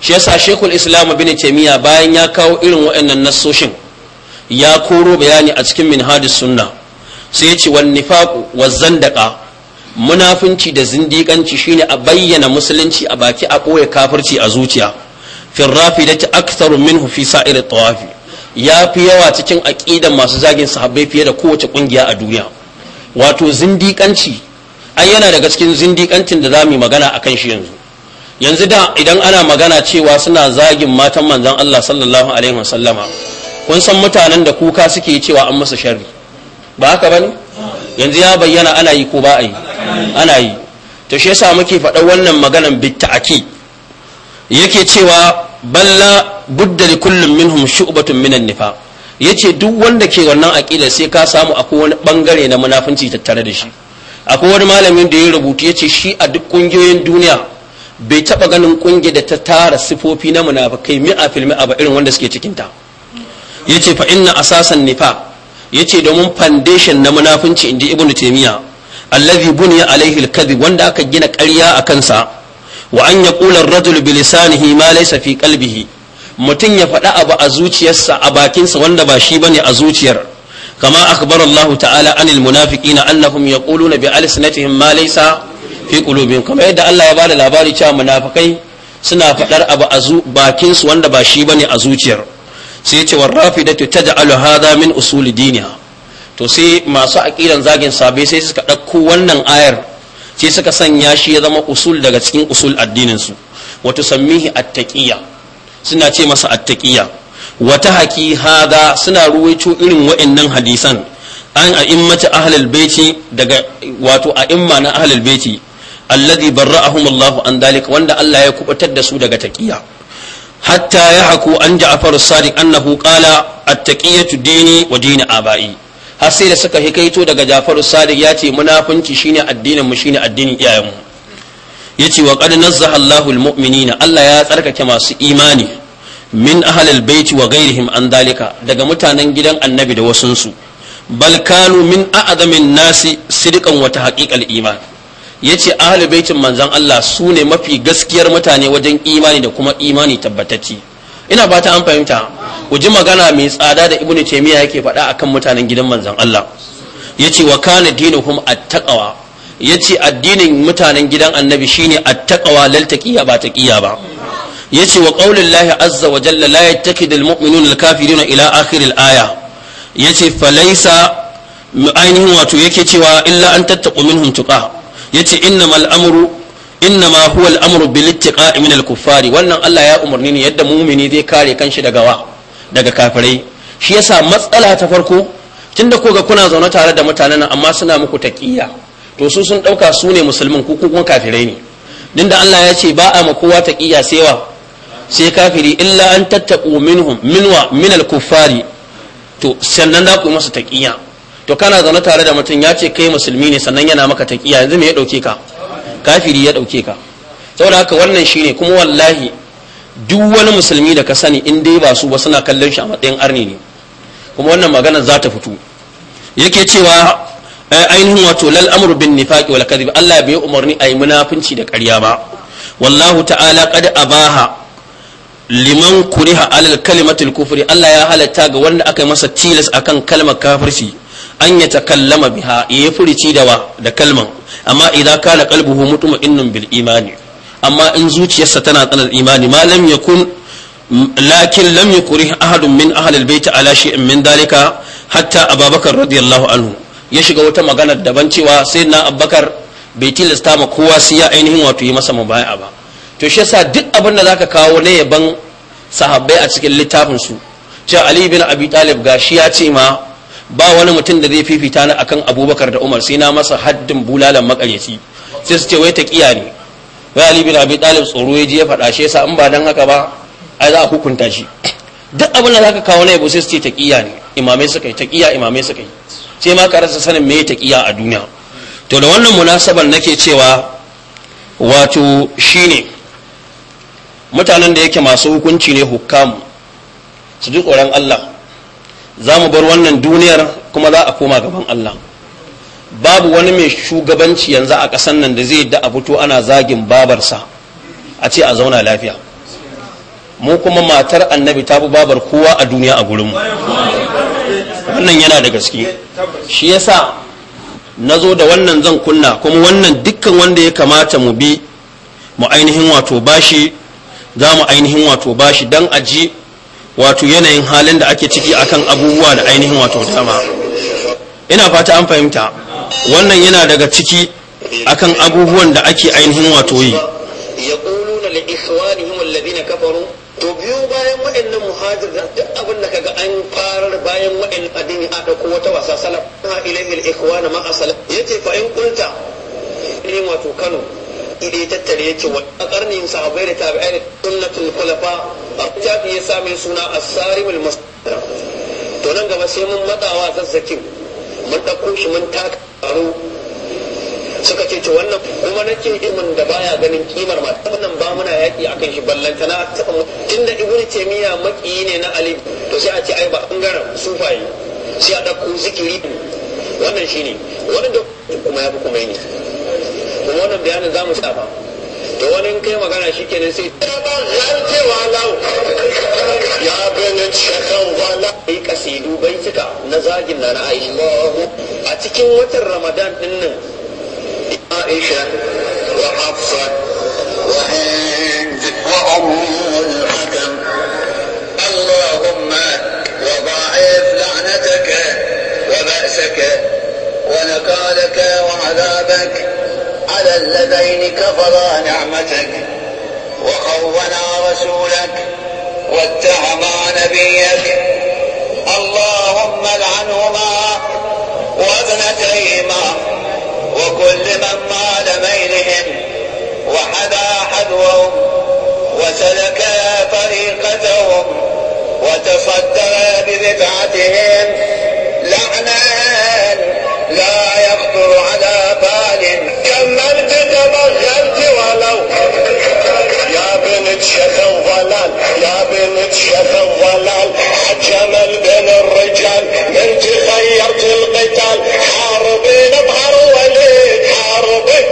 shi yasa shekul islam bin taimiyya bayan ya kawo irin waɗannan nasoshin ya koro bayani a cikin minhajus sunna sai ya ce wan nifaqu zandaka munafunci da zindiƙanci shine a bayyana musulunci a baki a ɓoye kafirci a zuciya fil rafidati aktharu minhu fi sa'ir tawafi ya fi yawa cikin aqidan masu zagin sahabbai fiye da kowace ƙungiya a duniya wato zindiƙanci ai yana daga cikin zindiƙancin da za mu magana akan shi yanzu yanzu da idan ana magana cewa suna zagin matan manzan Allah sallallahu alaihi wasallama kun san mutanen da kuka suke cewa an musu sharri ba haka bane yanzu ya bayyana ana yi ko ba a yi ana yi to shi yasa muke faɗa wannan maganan bitta'aki yake cewa balla budda li kullum minhum shu'batun minan nifa yace duk wanda ke wannan aqida sai ka samu akwai wani bangare na munafunci tattare da shi akwai wani malamin da ya rubutu yace shi a duk ƙungiyoyin duniya bai taba ganin ƙungiyar da ta tara sifofi na munafikai mi'a fil ba irin wanda suke cikin ta yace fa inna asasan nifa yace domin foundation na munafunci inji ibnu taymiya allazi bunia alaihi alkadhib wanda aka gina ƙarya a kansa wa an yaqula ar-rajul bi lisanihi ma laysa fi qalbihi mutum ya faɗa abu a zuciyarsa a bakinsa wanda ba shi bane a zuciyar kama akbar Allah ta'ala anil munafiqina annahum yaquluna bi alsinatihim ma laysa fi qulubihim kamar yadda Allah ya bada labari cewa munafikai suna fadar abu a bakin su wanda ba shi bane a zuciyar sai ya ce ta taj'alu hada min usuli diniya to sai masu aqidan zagin sabai sai suka ɗauko wannan ayar sai suka sanya shi ya zama usul daga cikin usul addinin su wato tusammihi attaqiyya suna ce masa attaqiyya wata tahaki hada suna ruwaito irin wa'annan hadisan an a'immatu ahlul baiti daga wato a'imma na ahlul baiti alladhi barra'ahum Allah an dalik wanda Allah ya kubutar da su daga taqiya hatta yahku an ja'far as-sadiq annahu qala at-taqiyatu dini wa dini abai har sai da suka hikaito daga Ja'far as-sadiq ya ce munafunci shine addinin mu shine addinin iyayenmu yace wa qad nazzaha Allahu al-mu'minina Allah ya tsarkake masu imani min ahlil baiti wa gairihim an dalika daga mutanen gidan annabi da wasunsu bal kanu min a'zamin nasi sidqan wa tahqiqal iman ya ce ahalu baitin manzan Allah su ne mafi gaskiyar mutane wajen imani da kuma imani tabbatacci ina ba ta an fahimta ku ji magana mai tsada da ibnu taymiya yake faɗa akan mutanen gidan manzan Allah ya ce wa kana dinuhum attaqwa ya ce addinin mutanen gidan annabi shine attaqwa lal taqiya ba taqiya ba ya ce wa qaulin lahi azza wa jalla la yattakidu al mu'minuna al kafiruna ila akhir al aya ya ce falaisa ainihin wato yake cewa illa an tattaqu minhum tuqa yace innamal amru innama huwa al-amru bil ittiqa'i min al-kuffari wannan Allah ya umarni ne yadda mumini zai kare kanshi daga wa daga kafirai shi yasa matsala ta farko tunda ko ga kuna zaune tare da mutanen nan amma suna muku taqiyya to su sun dauka su ne musulmin ku kuma kafirai ne da Allah ya ce ba a ma kowa taqiyya sai wa sai kafiri illa an tattaqu minhum minwa min al-kuffari to sannan za ku masa taqiyya to kana zaune tare da mutum ya ce kai musulmi ne sannan yana maka taƙiya yanzu me ya dauke ka kafiri ya dauke ka saboda haka wannan shine kuma wallahi duk wani musulmi da ka sani in dai ba su ba suna kallon shi a matsayin arni ne kuma wannan magana za ta fito yake cewa eh, ainihin wato lal amru bin nifaqi wal kadhib Allah bai umarni ayi munafinci da ƙarya ba wallahu ta'ala qad abaha liman kuriha alal kalimatul kufri Allah ya halatta ga wanda aka masa tilas akan kalmar kafirci an ya takallama biha ya furici da wa da kalman amma idan kana qalbuhu mutma'innun bil imani amma in zuciyarsa tana tsanar imani ma lam kun lakin lam yukrih ahadun min ahli albayt ala shay'in min dalika hatta ababakar radiyallahu anhu ya shiga wata magana daban cewa sai na abubakar bai tilasta ma kowa sai ya ainihin wato yi masa baya ba to shi yasa duk abin da zaka kawo na yaban sahabbai a cikin littafin su cewa ali bin abi talib shi ya ce ma ba wani mutum da zai fifita ni akan abubakar da umar sai na masa haddin bulalan makaryaci sai su ce wai ta kiya ne wai ali bin abi talib tsoro ya je ya faɗa shi yasa in ba dan haka ba ai za a hukunta shi duk abin da zaka kawo na yabo sai su ce ta kiya ne imamai suka yi ta kiya imamai suka yi sai ma ka rasa sanin me ta kiya a duniya to da wannan munasabar nake cewa wato shine mutanen da yake masu hukunci ne hukamu su ji tsoron Allah za mu bar wannan duniyar kuma za a koma gaban Allah babu wani mai shugabanci yanzu a ƙasan nan da zai da a fito ana zagin babarsa a ce a zauna lafiya mu kuma matar annabi ta fi babar kowa a duniya a gurinmu wannan yana da gaske shi yasa na zo da wannan zan kunna kuma wannan dukkan wanda ya kamata mu bi mu ainihin wato bashi za mu ainihin wato bashi don a ji. wato yanayin halin da ake ciki akan abubuwa da ainihin wato sama ina fata an fahimta wannan yana daga ciki akan abubuwan da ake ainihin wato yi to biyu bayan waɗannan muhajir da duk abin da kaga an farar bayan waɗannan addini a ɗauko wata wasa salaf ha ilaihi al-ikhwana ma asala yace fa in qulta irin wato Kano idai tattare yake wa karnin sahabbai da tabi'ai da sunnatul khulafa a jafi ya same suna as-sarimul to nan gaba sai mun matsawa zazzakin mun ɗauko shi mun taka taro suka ce ce wannan kuma na ce ilmin da baya ganin kimar ma wannan ba muna yaƙi akan shi ballanta na taɓa tunda ibnu miya maƙiyi ne na ali to sai a ce ai ba bangaren sufaye sai a ɗauko zikiri wannan shine wani da kuma ya fi kuma yi to wannan bayanin za mu saba to wani kai magana shi kenan sai ya bani shakar wala kai kasidu bai tuka na zagin na na aisha a cikin watan ramadan din nan aisha wa hafsa wa hind wa ummul hakam allahumma wa da'if la'nataka wa ba'saka على الذين كفرا نعمتك وخونا رسولك واتهما نبيك اللهم لعنهما وابنتيهما وكل من مال ميلهم وحدا حذوهم وسلك طريقتهم وتصدى ببدعتهم لعنا لا يخطر على بال كملت تبخلت ولو يا بنت شيخ الضلال يا بنت شيخ الضلال عجمل بين الرجال من تخيرت القتال حاربي بظهر وليد حاربي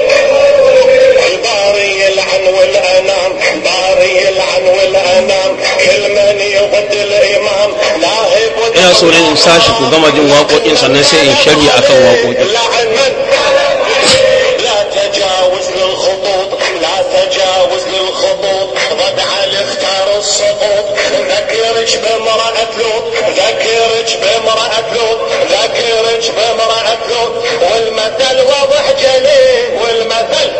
الباري يلعن والانام باري يلعن والانام كل من يضد ina so ne in sashi ku gama jin waƙoƙin sannan sai in shari akan waƙoƙin بامرأة لوط ذكرك بامرأة لوط ذكرك بامرأة لوط والمثل واضح جليه والمثل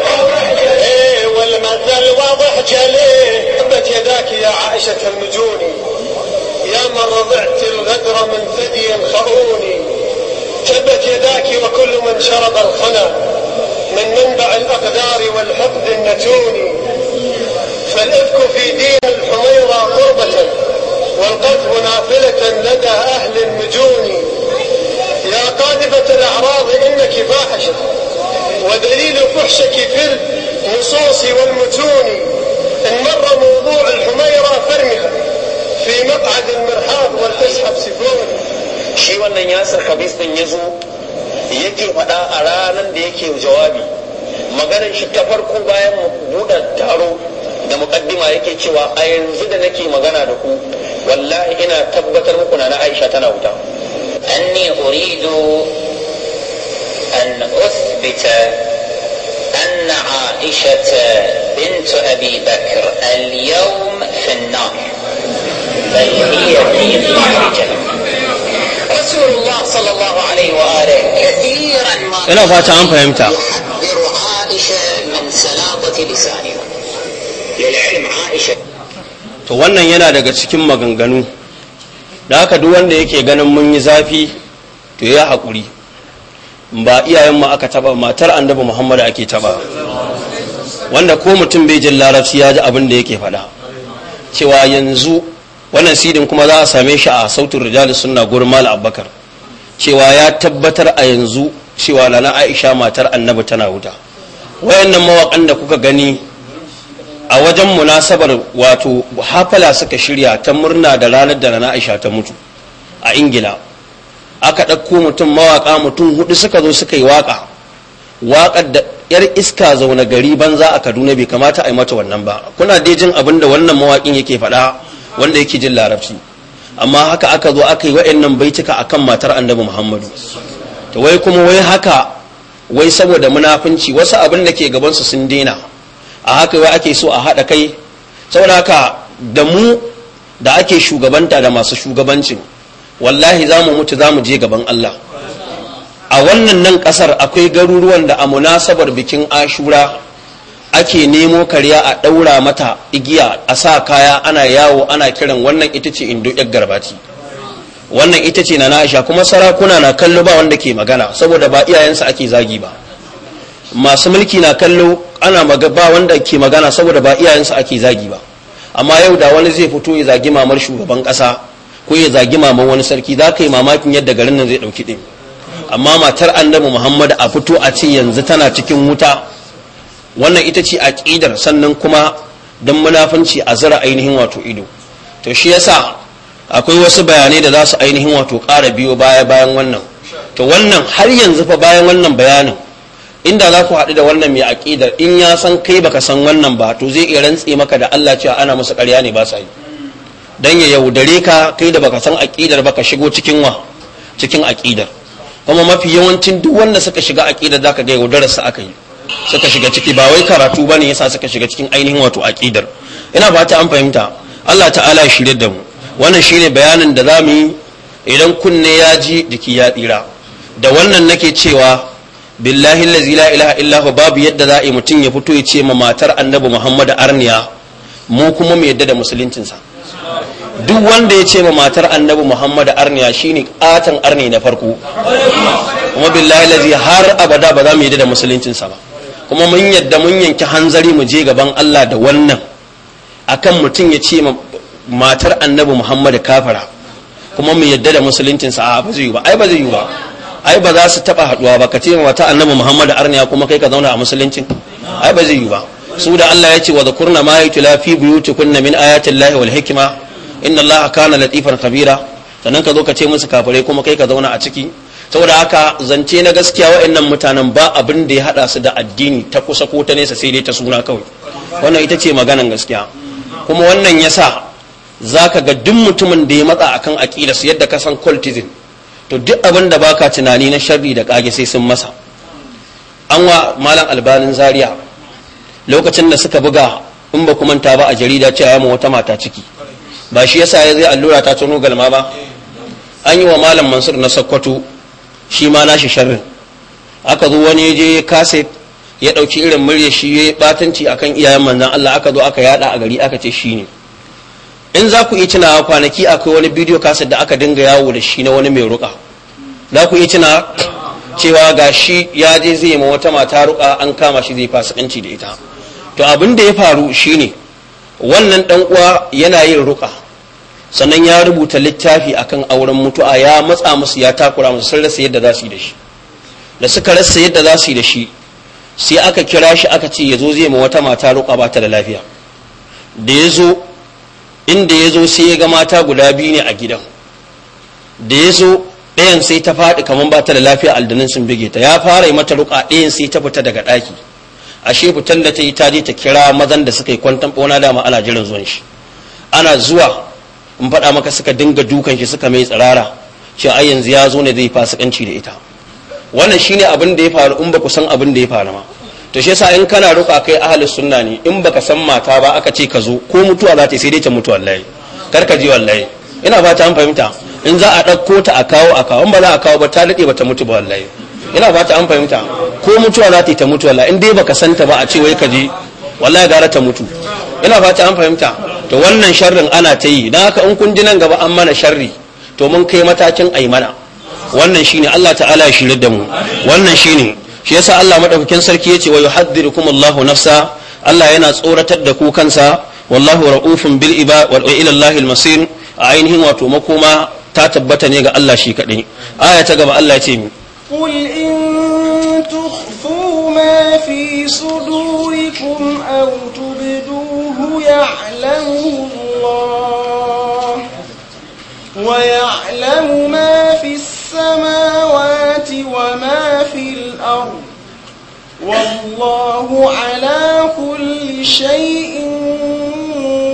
ايه والمثل واضح جليه ثبت يداك يا عائشة المجوني يا من رضعت الغدر من ثدي الخؤون تبت يداك وكل من شرب الخنا من منبع الأقدار والحقد النتوني فالإفك في دين الحميرة قربة والقذف نافلة لدى أهل النجوم يا قاذفة الأعراض إنك فاحشة ودليل فحشك في النصوص والمتون إن مر موضوع الحميرة فرمها في مقعد المرحاض والتسحب سفور شي wannan yasir kabis din ya zo yake faɗa a ranar da yake jawabi maganar shi ta farko bayan buɗe taro da muqaddima yake cewa a yanzu da nake magana da ku wallahi ina tabbatar muku na aisha tana wuta anni uridu an uthbita anna aisha bint abi bakr al-yawm fi an-nar yana fata an fahimta. to wannan yana daga cikin maganganu da haka duk wanda yake ganin mun yi zafi to ya haƙuri ba iyayenmu aka taba matar annabi muhammadu ake taba wanda ko mutum bai jin larabci ya ji abin da yake faɗa cewa yanzu wannan sidin kuma za a same shi a sautin rijali suna gurin mal abubakar cewa ya tabbatar a yanzu cewa lana aisha matar annabi tana wuta wayannan mawakan da kuka gani a wajen munasabar wato hafala suka shirya ta murna da ranar da lana aisha ta mutu a ingila aka ɗauko mutum mawaka mutum hudu suka zo suka yi waka waƙar da yar iska zaune gari banza a kaduna bai kamata a yi mata wannan ba kuna dai jin abin wannan mawakin yake faɗa wanda yake jin larabci amma haka aka zo aka yi wa'annan baituka akan matar annabi muhammadu to wai kuma wai haka wai saboda munafunci wasu abin da ke gabansu sun daina a haka wai ake so a haɗa kai saboda haka da mu da ake shugabanta da masu shugabancin wallahi za mu mutu za mu je gaban allah a wannan nan ƙasar akwai garuruwan da a munasabar bikin ashura ake nemo karya a ɗaura mata igiya a sa kaya ana yawo ana kiran wannan ita ce indo yar garbati wannan ita ce na na'isha kuma sarakuna na kallo ba wanda ke magana saboda ba iyayensa ake zagi ba masu mulki na kallo ana ba wanda ke magana saboda ba iyayensa ake zagi ba amma yau da wani zai fito ya zagi mamar shugaban kasa ko ya zagi mamar wani sarki za ka yi mamakin yadda garin nan zai ɗauki ɗin amma matar annabi muhammadu a fito a ce yanzu tana cikin wuta wannan ita ce aƙidar sannan kuma don munafanci a zira ainihin wato ido to shi yasa akwai wasu bayanai da za su ainihin wato ƙara biyu baya bayan wannan to wannan har yanzu fa bayan wannan bayanin inda za ku haɗu da wannan mai aƙidar in ya san kai baka san wannan ba to zai iya rantse maka da Allah cewa ana musu ƙarya ne ba sa yi dan ya yaudare ka kai da baka san aƙidar ka shigo cikin wa cikin aƙidar kuma mafi yawancin duk wanda suka shiga aƙidar zaka ga yaudarar sa aka yi suka shiga ciki ba wai karatu bane yasa suka shiga cikin ainihin wato aqidar ina ba ta an fahimta Allah ta'ala ya shirye da mu wannan shine bayanin da zamu yi idan kunne ya ji jiki ya tsira da wannan nake cewa billahi allazi la ilaha illa hu babu yadda za a mutum ya fito ya ce ma matar annabi Muhammad arniya mu kuma mu yadda da musuluncinsa duk wanda ya ce ma matar annabi muhammad arniya shine katon arni na farko kuma billahi allazi har abada ba za mu yadda da musuluncinsa ba kuma mun yadda mun yanki hanzari mu je gaban Allah da wannan akan mutum ya ce matar annabi Muhammad kafara kuma mu yadda da musuluncin sa ba zai yi ba ai ba zai yi ba ai ba za su taba haduwa ba ka ce mata annabi Muhammad arniya kuma kai ka zauna a musuluncin ai ba zai yi ba su da Allah ya ce wa zakurna ma yutla fi buyutikunna min ayatil lahi wal hikma inna Allah kana latifan khabira sannan ka zo ka ce musu kafirai kuma kai ka zauna a ciki saboda haka zance na gaskiya wa'annan mutanen ba abin da ya hada su da addini ta kusa ko ta nesa sai dai ta suna kawai wannan ita ce maganan gaskiya kuma wannan ya sa za ka ga duk mutumin da ya matsa akan su yadda ka san cultism to duk abin da baka tunani na sharri da kage sai sun masa an wa malam albanin zaria lokacin da suka buga in ba kuma ta ba a jarida cewa mu wata mata ciki ba shi yasa ya zai allura ta tono galma ba an yi wa malam mansur na sakkwato shi ma nashi sharrin aka zo wani je kaset ya ɗauki irin murya shi ya batanci akan iyayen manzan Allah aka zo aka yada a gari aka ce shi ne in za ku iya tunawa kwanaki akwai wani bidiyo kaset da aka dinga yawo da shi na wani mai ruka za ku iya tuna cewa ga shi ya je zai ma wata mata ruka an kama shi zai fasikanci da ita to abin da ya faru shine wannan dan uwa yana yin ruka sannan ya rubuta littafi akan auren mutu'a ya matsa musu ya takura musu sun rasa yadda za su yi da shi da suka rasa yadda za su yi da shi sai aka kira shi aka ce ya zo zai ma wata mata roƙa ba ta da lafiya da ya zo inda ya zo sai ya ga mata guda biyu ne a gidan da ya zo ɗayan sai ta faɗi kamar ba ta da lafiya aldanin sun bige ta ya fara yi mata roƙa ɗayan sai ta fita daga ɗaki ashe fitan da ta yi ta je ta kira mazan da suka yi kwantan ɓona dama ana jiran zuwan shi ana zuwa in faɗa maka suka dinga dukan shi suka mai tsirara shi ai yanzu ya zo ne zai fasikanci da ita wannan shine abin da ya faru in ba ku san abin da ya faru ma to shi yasa in kana ruka kai ahli sunna ne in baka san mata ba aka ce ka zo ko mutuwa za ta sai dai ta mutu wallahi kar ka ji wallahi ina fata an fahimta in za a ɗauko ta a kawo a kawo in ba za a kawo ba ta daɗe ba ta mutu ba wallahi ina fata an fahimta ko mutuwa za ta ta mutu wallahi in dai baka san ta ba a ce wai ka je wallahi gara ta mutu ina fata an fahimta to wannan sharrin ana ta yi don haka in kun ji nan gaba an mana sharri to mun kai matakin ai mana wannan shine Allah ta'ala ya shirya da mu wannan shine shi yasa Allah madaukakin sarki yace wa yuhaddirukum Allahu nafsa Allah yana tsoratar da ku kansa wallahu ra'ufun bil iba wa ila Allahil masir a ainihin wato makoma ta tabbata ne ga Allah shi kaɗai aya ta gaba Allah ya ce mi ma fi sudurikum هُوَ يَعْلَمُ اللَّهُ وَيَعْلَمُ مَا فِي السَّمَاوَاتِ وَمَا فِي الْأَرْضِ وَاللَّهُ عَلَى كُلِّ شَيْءٍ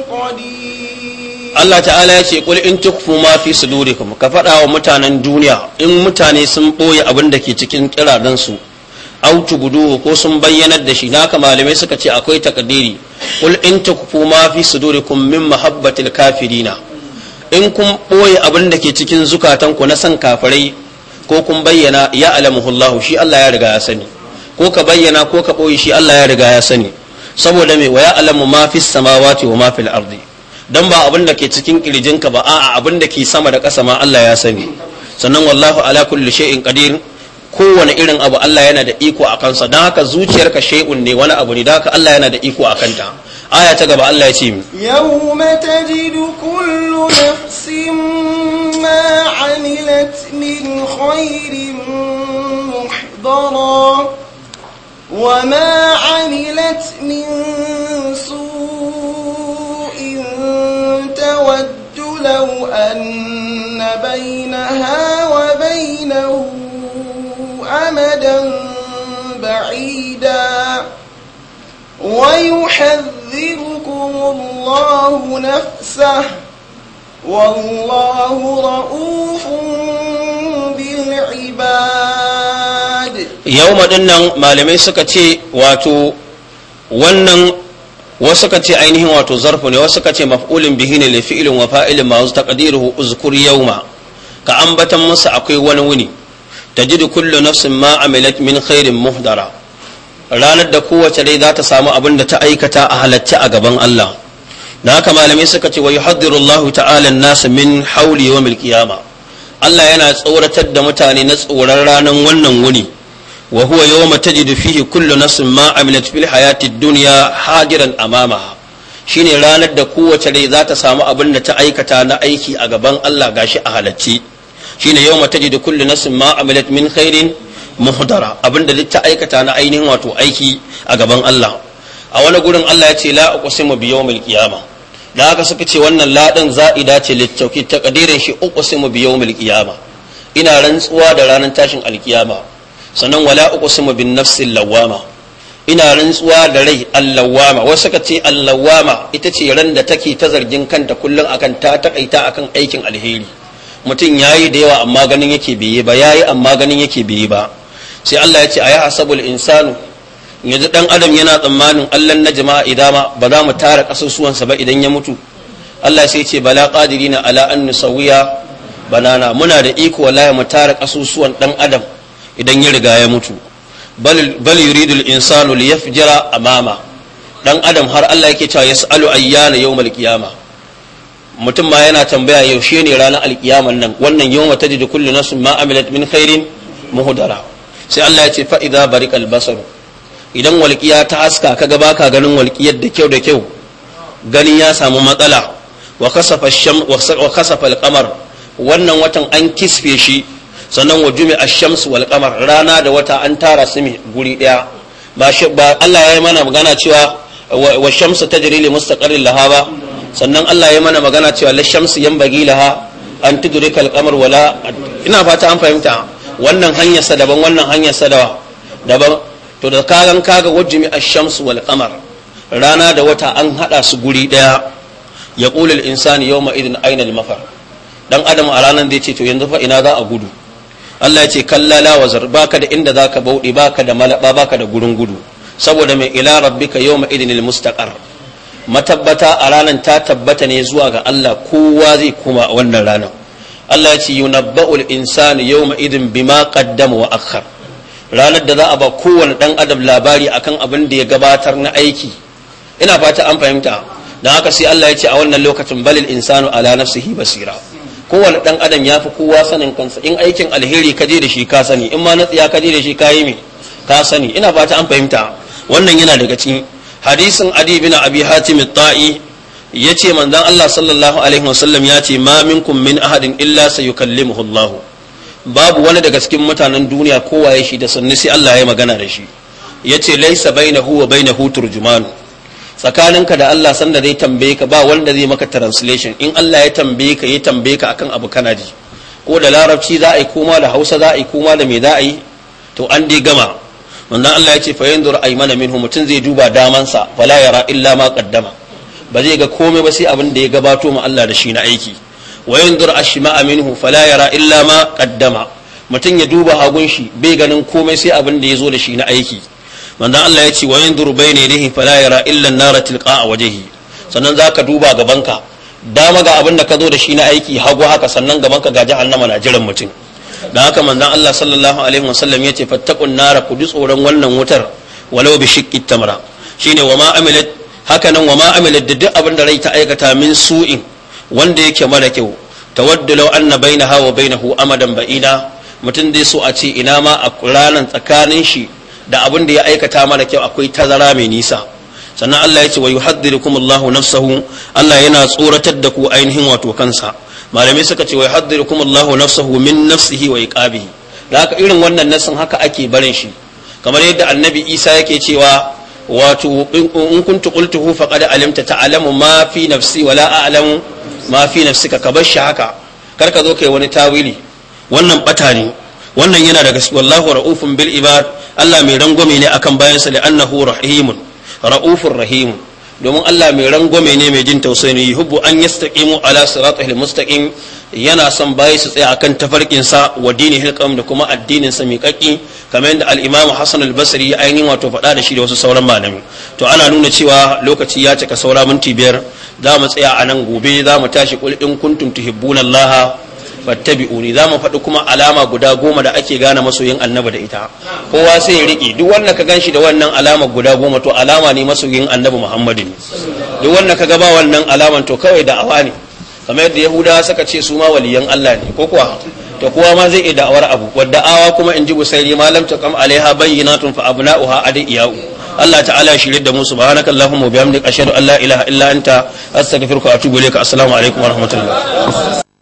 قَدِيرٌ mutanen duniya in mutane sun ɓoye abin da ke cikin kiradan autu gudu ko sun bayyanar da shi naka malamai suka ce akwai takadiri ul in tukfu ma fi sudurikum min mahabbatil kafirina in kun boye abin da ke cikin zukatan ku na san kafirai ko kun bayyana ya alamuhu Allah shi Allah ya riga ya sani ko ka bayyana ko ka boye shi Allah ya riga ya sani saboda me wa ya alamu ma fi samawati wa ma fil ardi dan ba abin da ke cikin kirjinka ba a'a abin da ke sama da ƙasa ma Allah ya sani sannan wallahu ala kulli shay'in qadir kowane irin abu Allah yana da iko a kansa don haka zuciyarka shay'un ne wani abu ne don haka Allah yana da iko a kanta aya ta gaba Allah ya ce yawma tajidu kullu nafsin ma amilat min khairin muhdara wa ma amilat min su'in tawaddu law anna bainaha wa bainahu امدا بعيدا ويحذركم الله نفسه والله رؤوف بالعباد يوم dinnan malamai suka ce wato wannan wasu suka ce ainihin wato zarfu ne wasu suka ce maf'ulin bihi ne li fi'lin wa fa'ilin ma taqdiruhu yawma ka ambatan musu akwai wani wuni da kullu nafsin ma amilat min khairin muhdara ranar da kowace rai za ta samu abin da ta aikata a halacce a gaban Allah da haka malamai suka ce wa yuhaddiru Allah ta'ala nasa min hawli qiyama Allah yana tsoratar da mutane na tsoron ranar wannan wuni wa huwa yawma tajidu fihi kullu nafsin ma amilat fil hayati ad-dunya hadiran amamaha shine ranar da kowace rai za ta samu abin da ta aikata na aiki a gaban Allah gashi a halacce shine yawma tajidu kullu nafsin ma amilat min khairin muhdara abinda duk ta aikata na ainihin wato aiki a gaban Allah a wani gurin Allah ya ce la mu bi yawmil qiyamah da haka suka ce wannan ladan za'ida ce littauki takadirin shi mu bi yawmil qiyamah ina rantsuwa da ranar tashin alkiyama sannan wala mu bin nafsin lawama ina rantsuwa da rai allawama wasu ka ce allawama ita ce ran da take ta zargin kanta kullum akan ta takaita akan aikin alheri mutum ya yi da yawa amma ganin yake bai ba ba yi amma ganin yake bai ba sai Allah ya ce a ayi hasabul insanu yanzu dan adam yana tsammanin Allah na jama'a idama ba za mu tara kasusuwansa ba idan ya mutu Allah sai ce bala na ala an nusawiya banana muna da iko wallahi mu tara kasusuwan dan adam idan ya riga ya mutu bal yuridul insanu liyafjara amama dan adam har Allah yake cewa yas'alu ayyana yawmal qiyamah mutum ma yana tambaya yaushe ne ranar alkiyaman nan wannan yawan wata kullu nafsin ma amilat min khairin muhudara sai Allah ya ce fa idza bariqal idan walƙiya ta haska kaga baka ganin walƙiyar da kyau da kyau gani ya samu matsala wa kasafa sham wa kasafa alqamar wannan watan an kisfe shi sannan wa jumi ash-shams wal qamar rana da wata an tara su guri daya ba Allah ya yi mana magana cewa wa shamsu tajri li mustaqarrin laha ba sannan Allah ya mana magana cewa la shamsu yanbaghi laha an tudrika al-qamar wala ina fata an fahimta wannan hanyar sa daban wannan hanyar daban to da kagan kaga wajmi ash-shamsu wal qamar rana da wata an hada su guri daya ya qulul insani yawma idin aina al-mafar dan adam a ranar da ce to yanzu fa ina za a gudu Allah ya ce kallala la wazar baka da inda zaka bauɗe baka da malaba baka da gurin gudu saboda mai ila rabbika yawma idin al-mustaqar matabbata a ranar ta tabbata ne zuwa ga Allah kowa zai koma a wannan ranar Allah ya ce yunabba'ul insanu yawma idin bima qaddama wa akhar ranar da za a ba kowane dan adam labari akan abin da ya gabatar na aiki ina fata an fahimta dan haka sai Allah ya ce a wannan lokacin balil insanu ala nafsihi basira kowane dan adam ya fi kowa sanin kansa in aikin alheri ka je da shi ka sani in ma na tsiya ka je da shi ka yi me ka sani ina fata an fahimta wannan yana daga cikin hadisin adi bin abi hatim ta'i yace manzon allah sallallahu alaihi wasallam ya ce ma minkum min ahadin illa sayukallimuhu allah babu wani daga cikin mutanen duniya kowa ya shi da sannu sai allah ya magana da shi yace laisa bainahu wa bainahu turjumanu tsakaninka da allah sanda zai tambaye ka ba wanda zai maka translation in allah ya tambaye ka ya tambaye ka akan abu kana ji ko da larabci za a yi koma da hausa za a yi koma da me za a yi to an dai gama manzon Allah ya ce fa yanzur mana minhu mutun zai duba damansa fala yara illa ma qaddama ba zai ga komai ba sai abin da ya gabato ma Allah da shi na aiki wa yanzur ashma'a minhu fala yara illa ma qaddama mutun ya duba hagun shi bai ganin komai sai abin da ya zo da shi na aiki manzon Allah ya ce wa yanzur bayna yadihi fala yara illa an-nara tilqa'a wajhi sannan zaka duba gabanka dama ga abin da ka zo da shi na aiki hagu haka sannan gabanka ga jahannama na jiran mutum da haka manzon Allah sallallahu alaihi wasallam yace fattaqun nara ku ji tsoron wannan wutar walau bi shiqqi tamra shine wa ma amilat haka nan wa ma amilat da duk abin da rai ta aikata min su'in wanda yake mara kyau tawaddu law anna bainaha wa bainahu amadan ba'ida mutum dai so a ce ina ma a ranar tsakanin shi da abin da ya aikata mara kyau akwai tazara mai nisa sannan Allah ya ce wa yuhaddirukum Allahu nafsahu Allah yana tsoratar da ku ainihin wato kansa malamai suka ce wa yahdirukum Allahu nafsahu min nafsihi wa iqabihi da haka irin wannan nasin haka ake barin shi kamar yadda annabi Isa yake cewa wato in kuntu qultuhu faqad alimta ta'lamu ma fi nafsi wa la a'lamu ma fi nafsika ka bar shi haka karka ka zo kai wani tawili wannan bata ne wannan yana daga wallahu ra'ufun bil ibad Allah mai rangwame ne akan bayansa annahu rahimun ra'ufur rahimun domin Allah mai rangwame ne mai jin tausayi hubbu an yastaqimu ala siratil mustaqim yana son bayi su tsaya akan tafarkin sa wa dini qam da kuma addinin sa mai kakki kamar yadda al Hassan al-Basri ya ainihin wato faɗa da shi da wasu sauran malami to ana nuna cewa lokaci ya cika saura minti biyar za mu tsaya a nan gobe za mu tashi kul in kuntum tuhibbuna Allah fattabi'uni za mu faɗi kuma alama guda goma da ake gane masoyin annabi da ita kowa sai ya riƙe duk wanda ka ganshi da wannan alama guda goma to alama ne masoyin annabi muhammadu ne duk wanda ka gaba wannan alaman to kawai da'awa ne kamar yadda yahudawa suka ce su ma waliyan allah ne ko kuwa to kowa ma zai iya da'awar abu wadda awa kuma in ji busairi malam kam alaiha bayyinatun fa abna'uha iyawu. Allah ta'ala ya shirye da mu subhanaka allahumma da bihamdika ashhadu an la ilaha illa anta astaghfiruka wa ka ilaika assalamu alaikum wa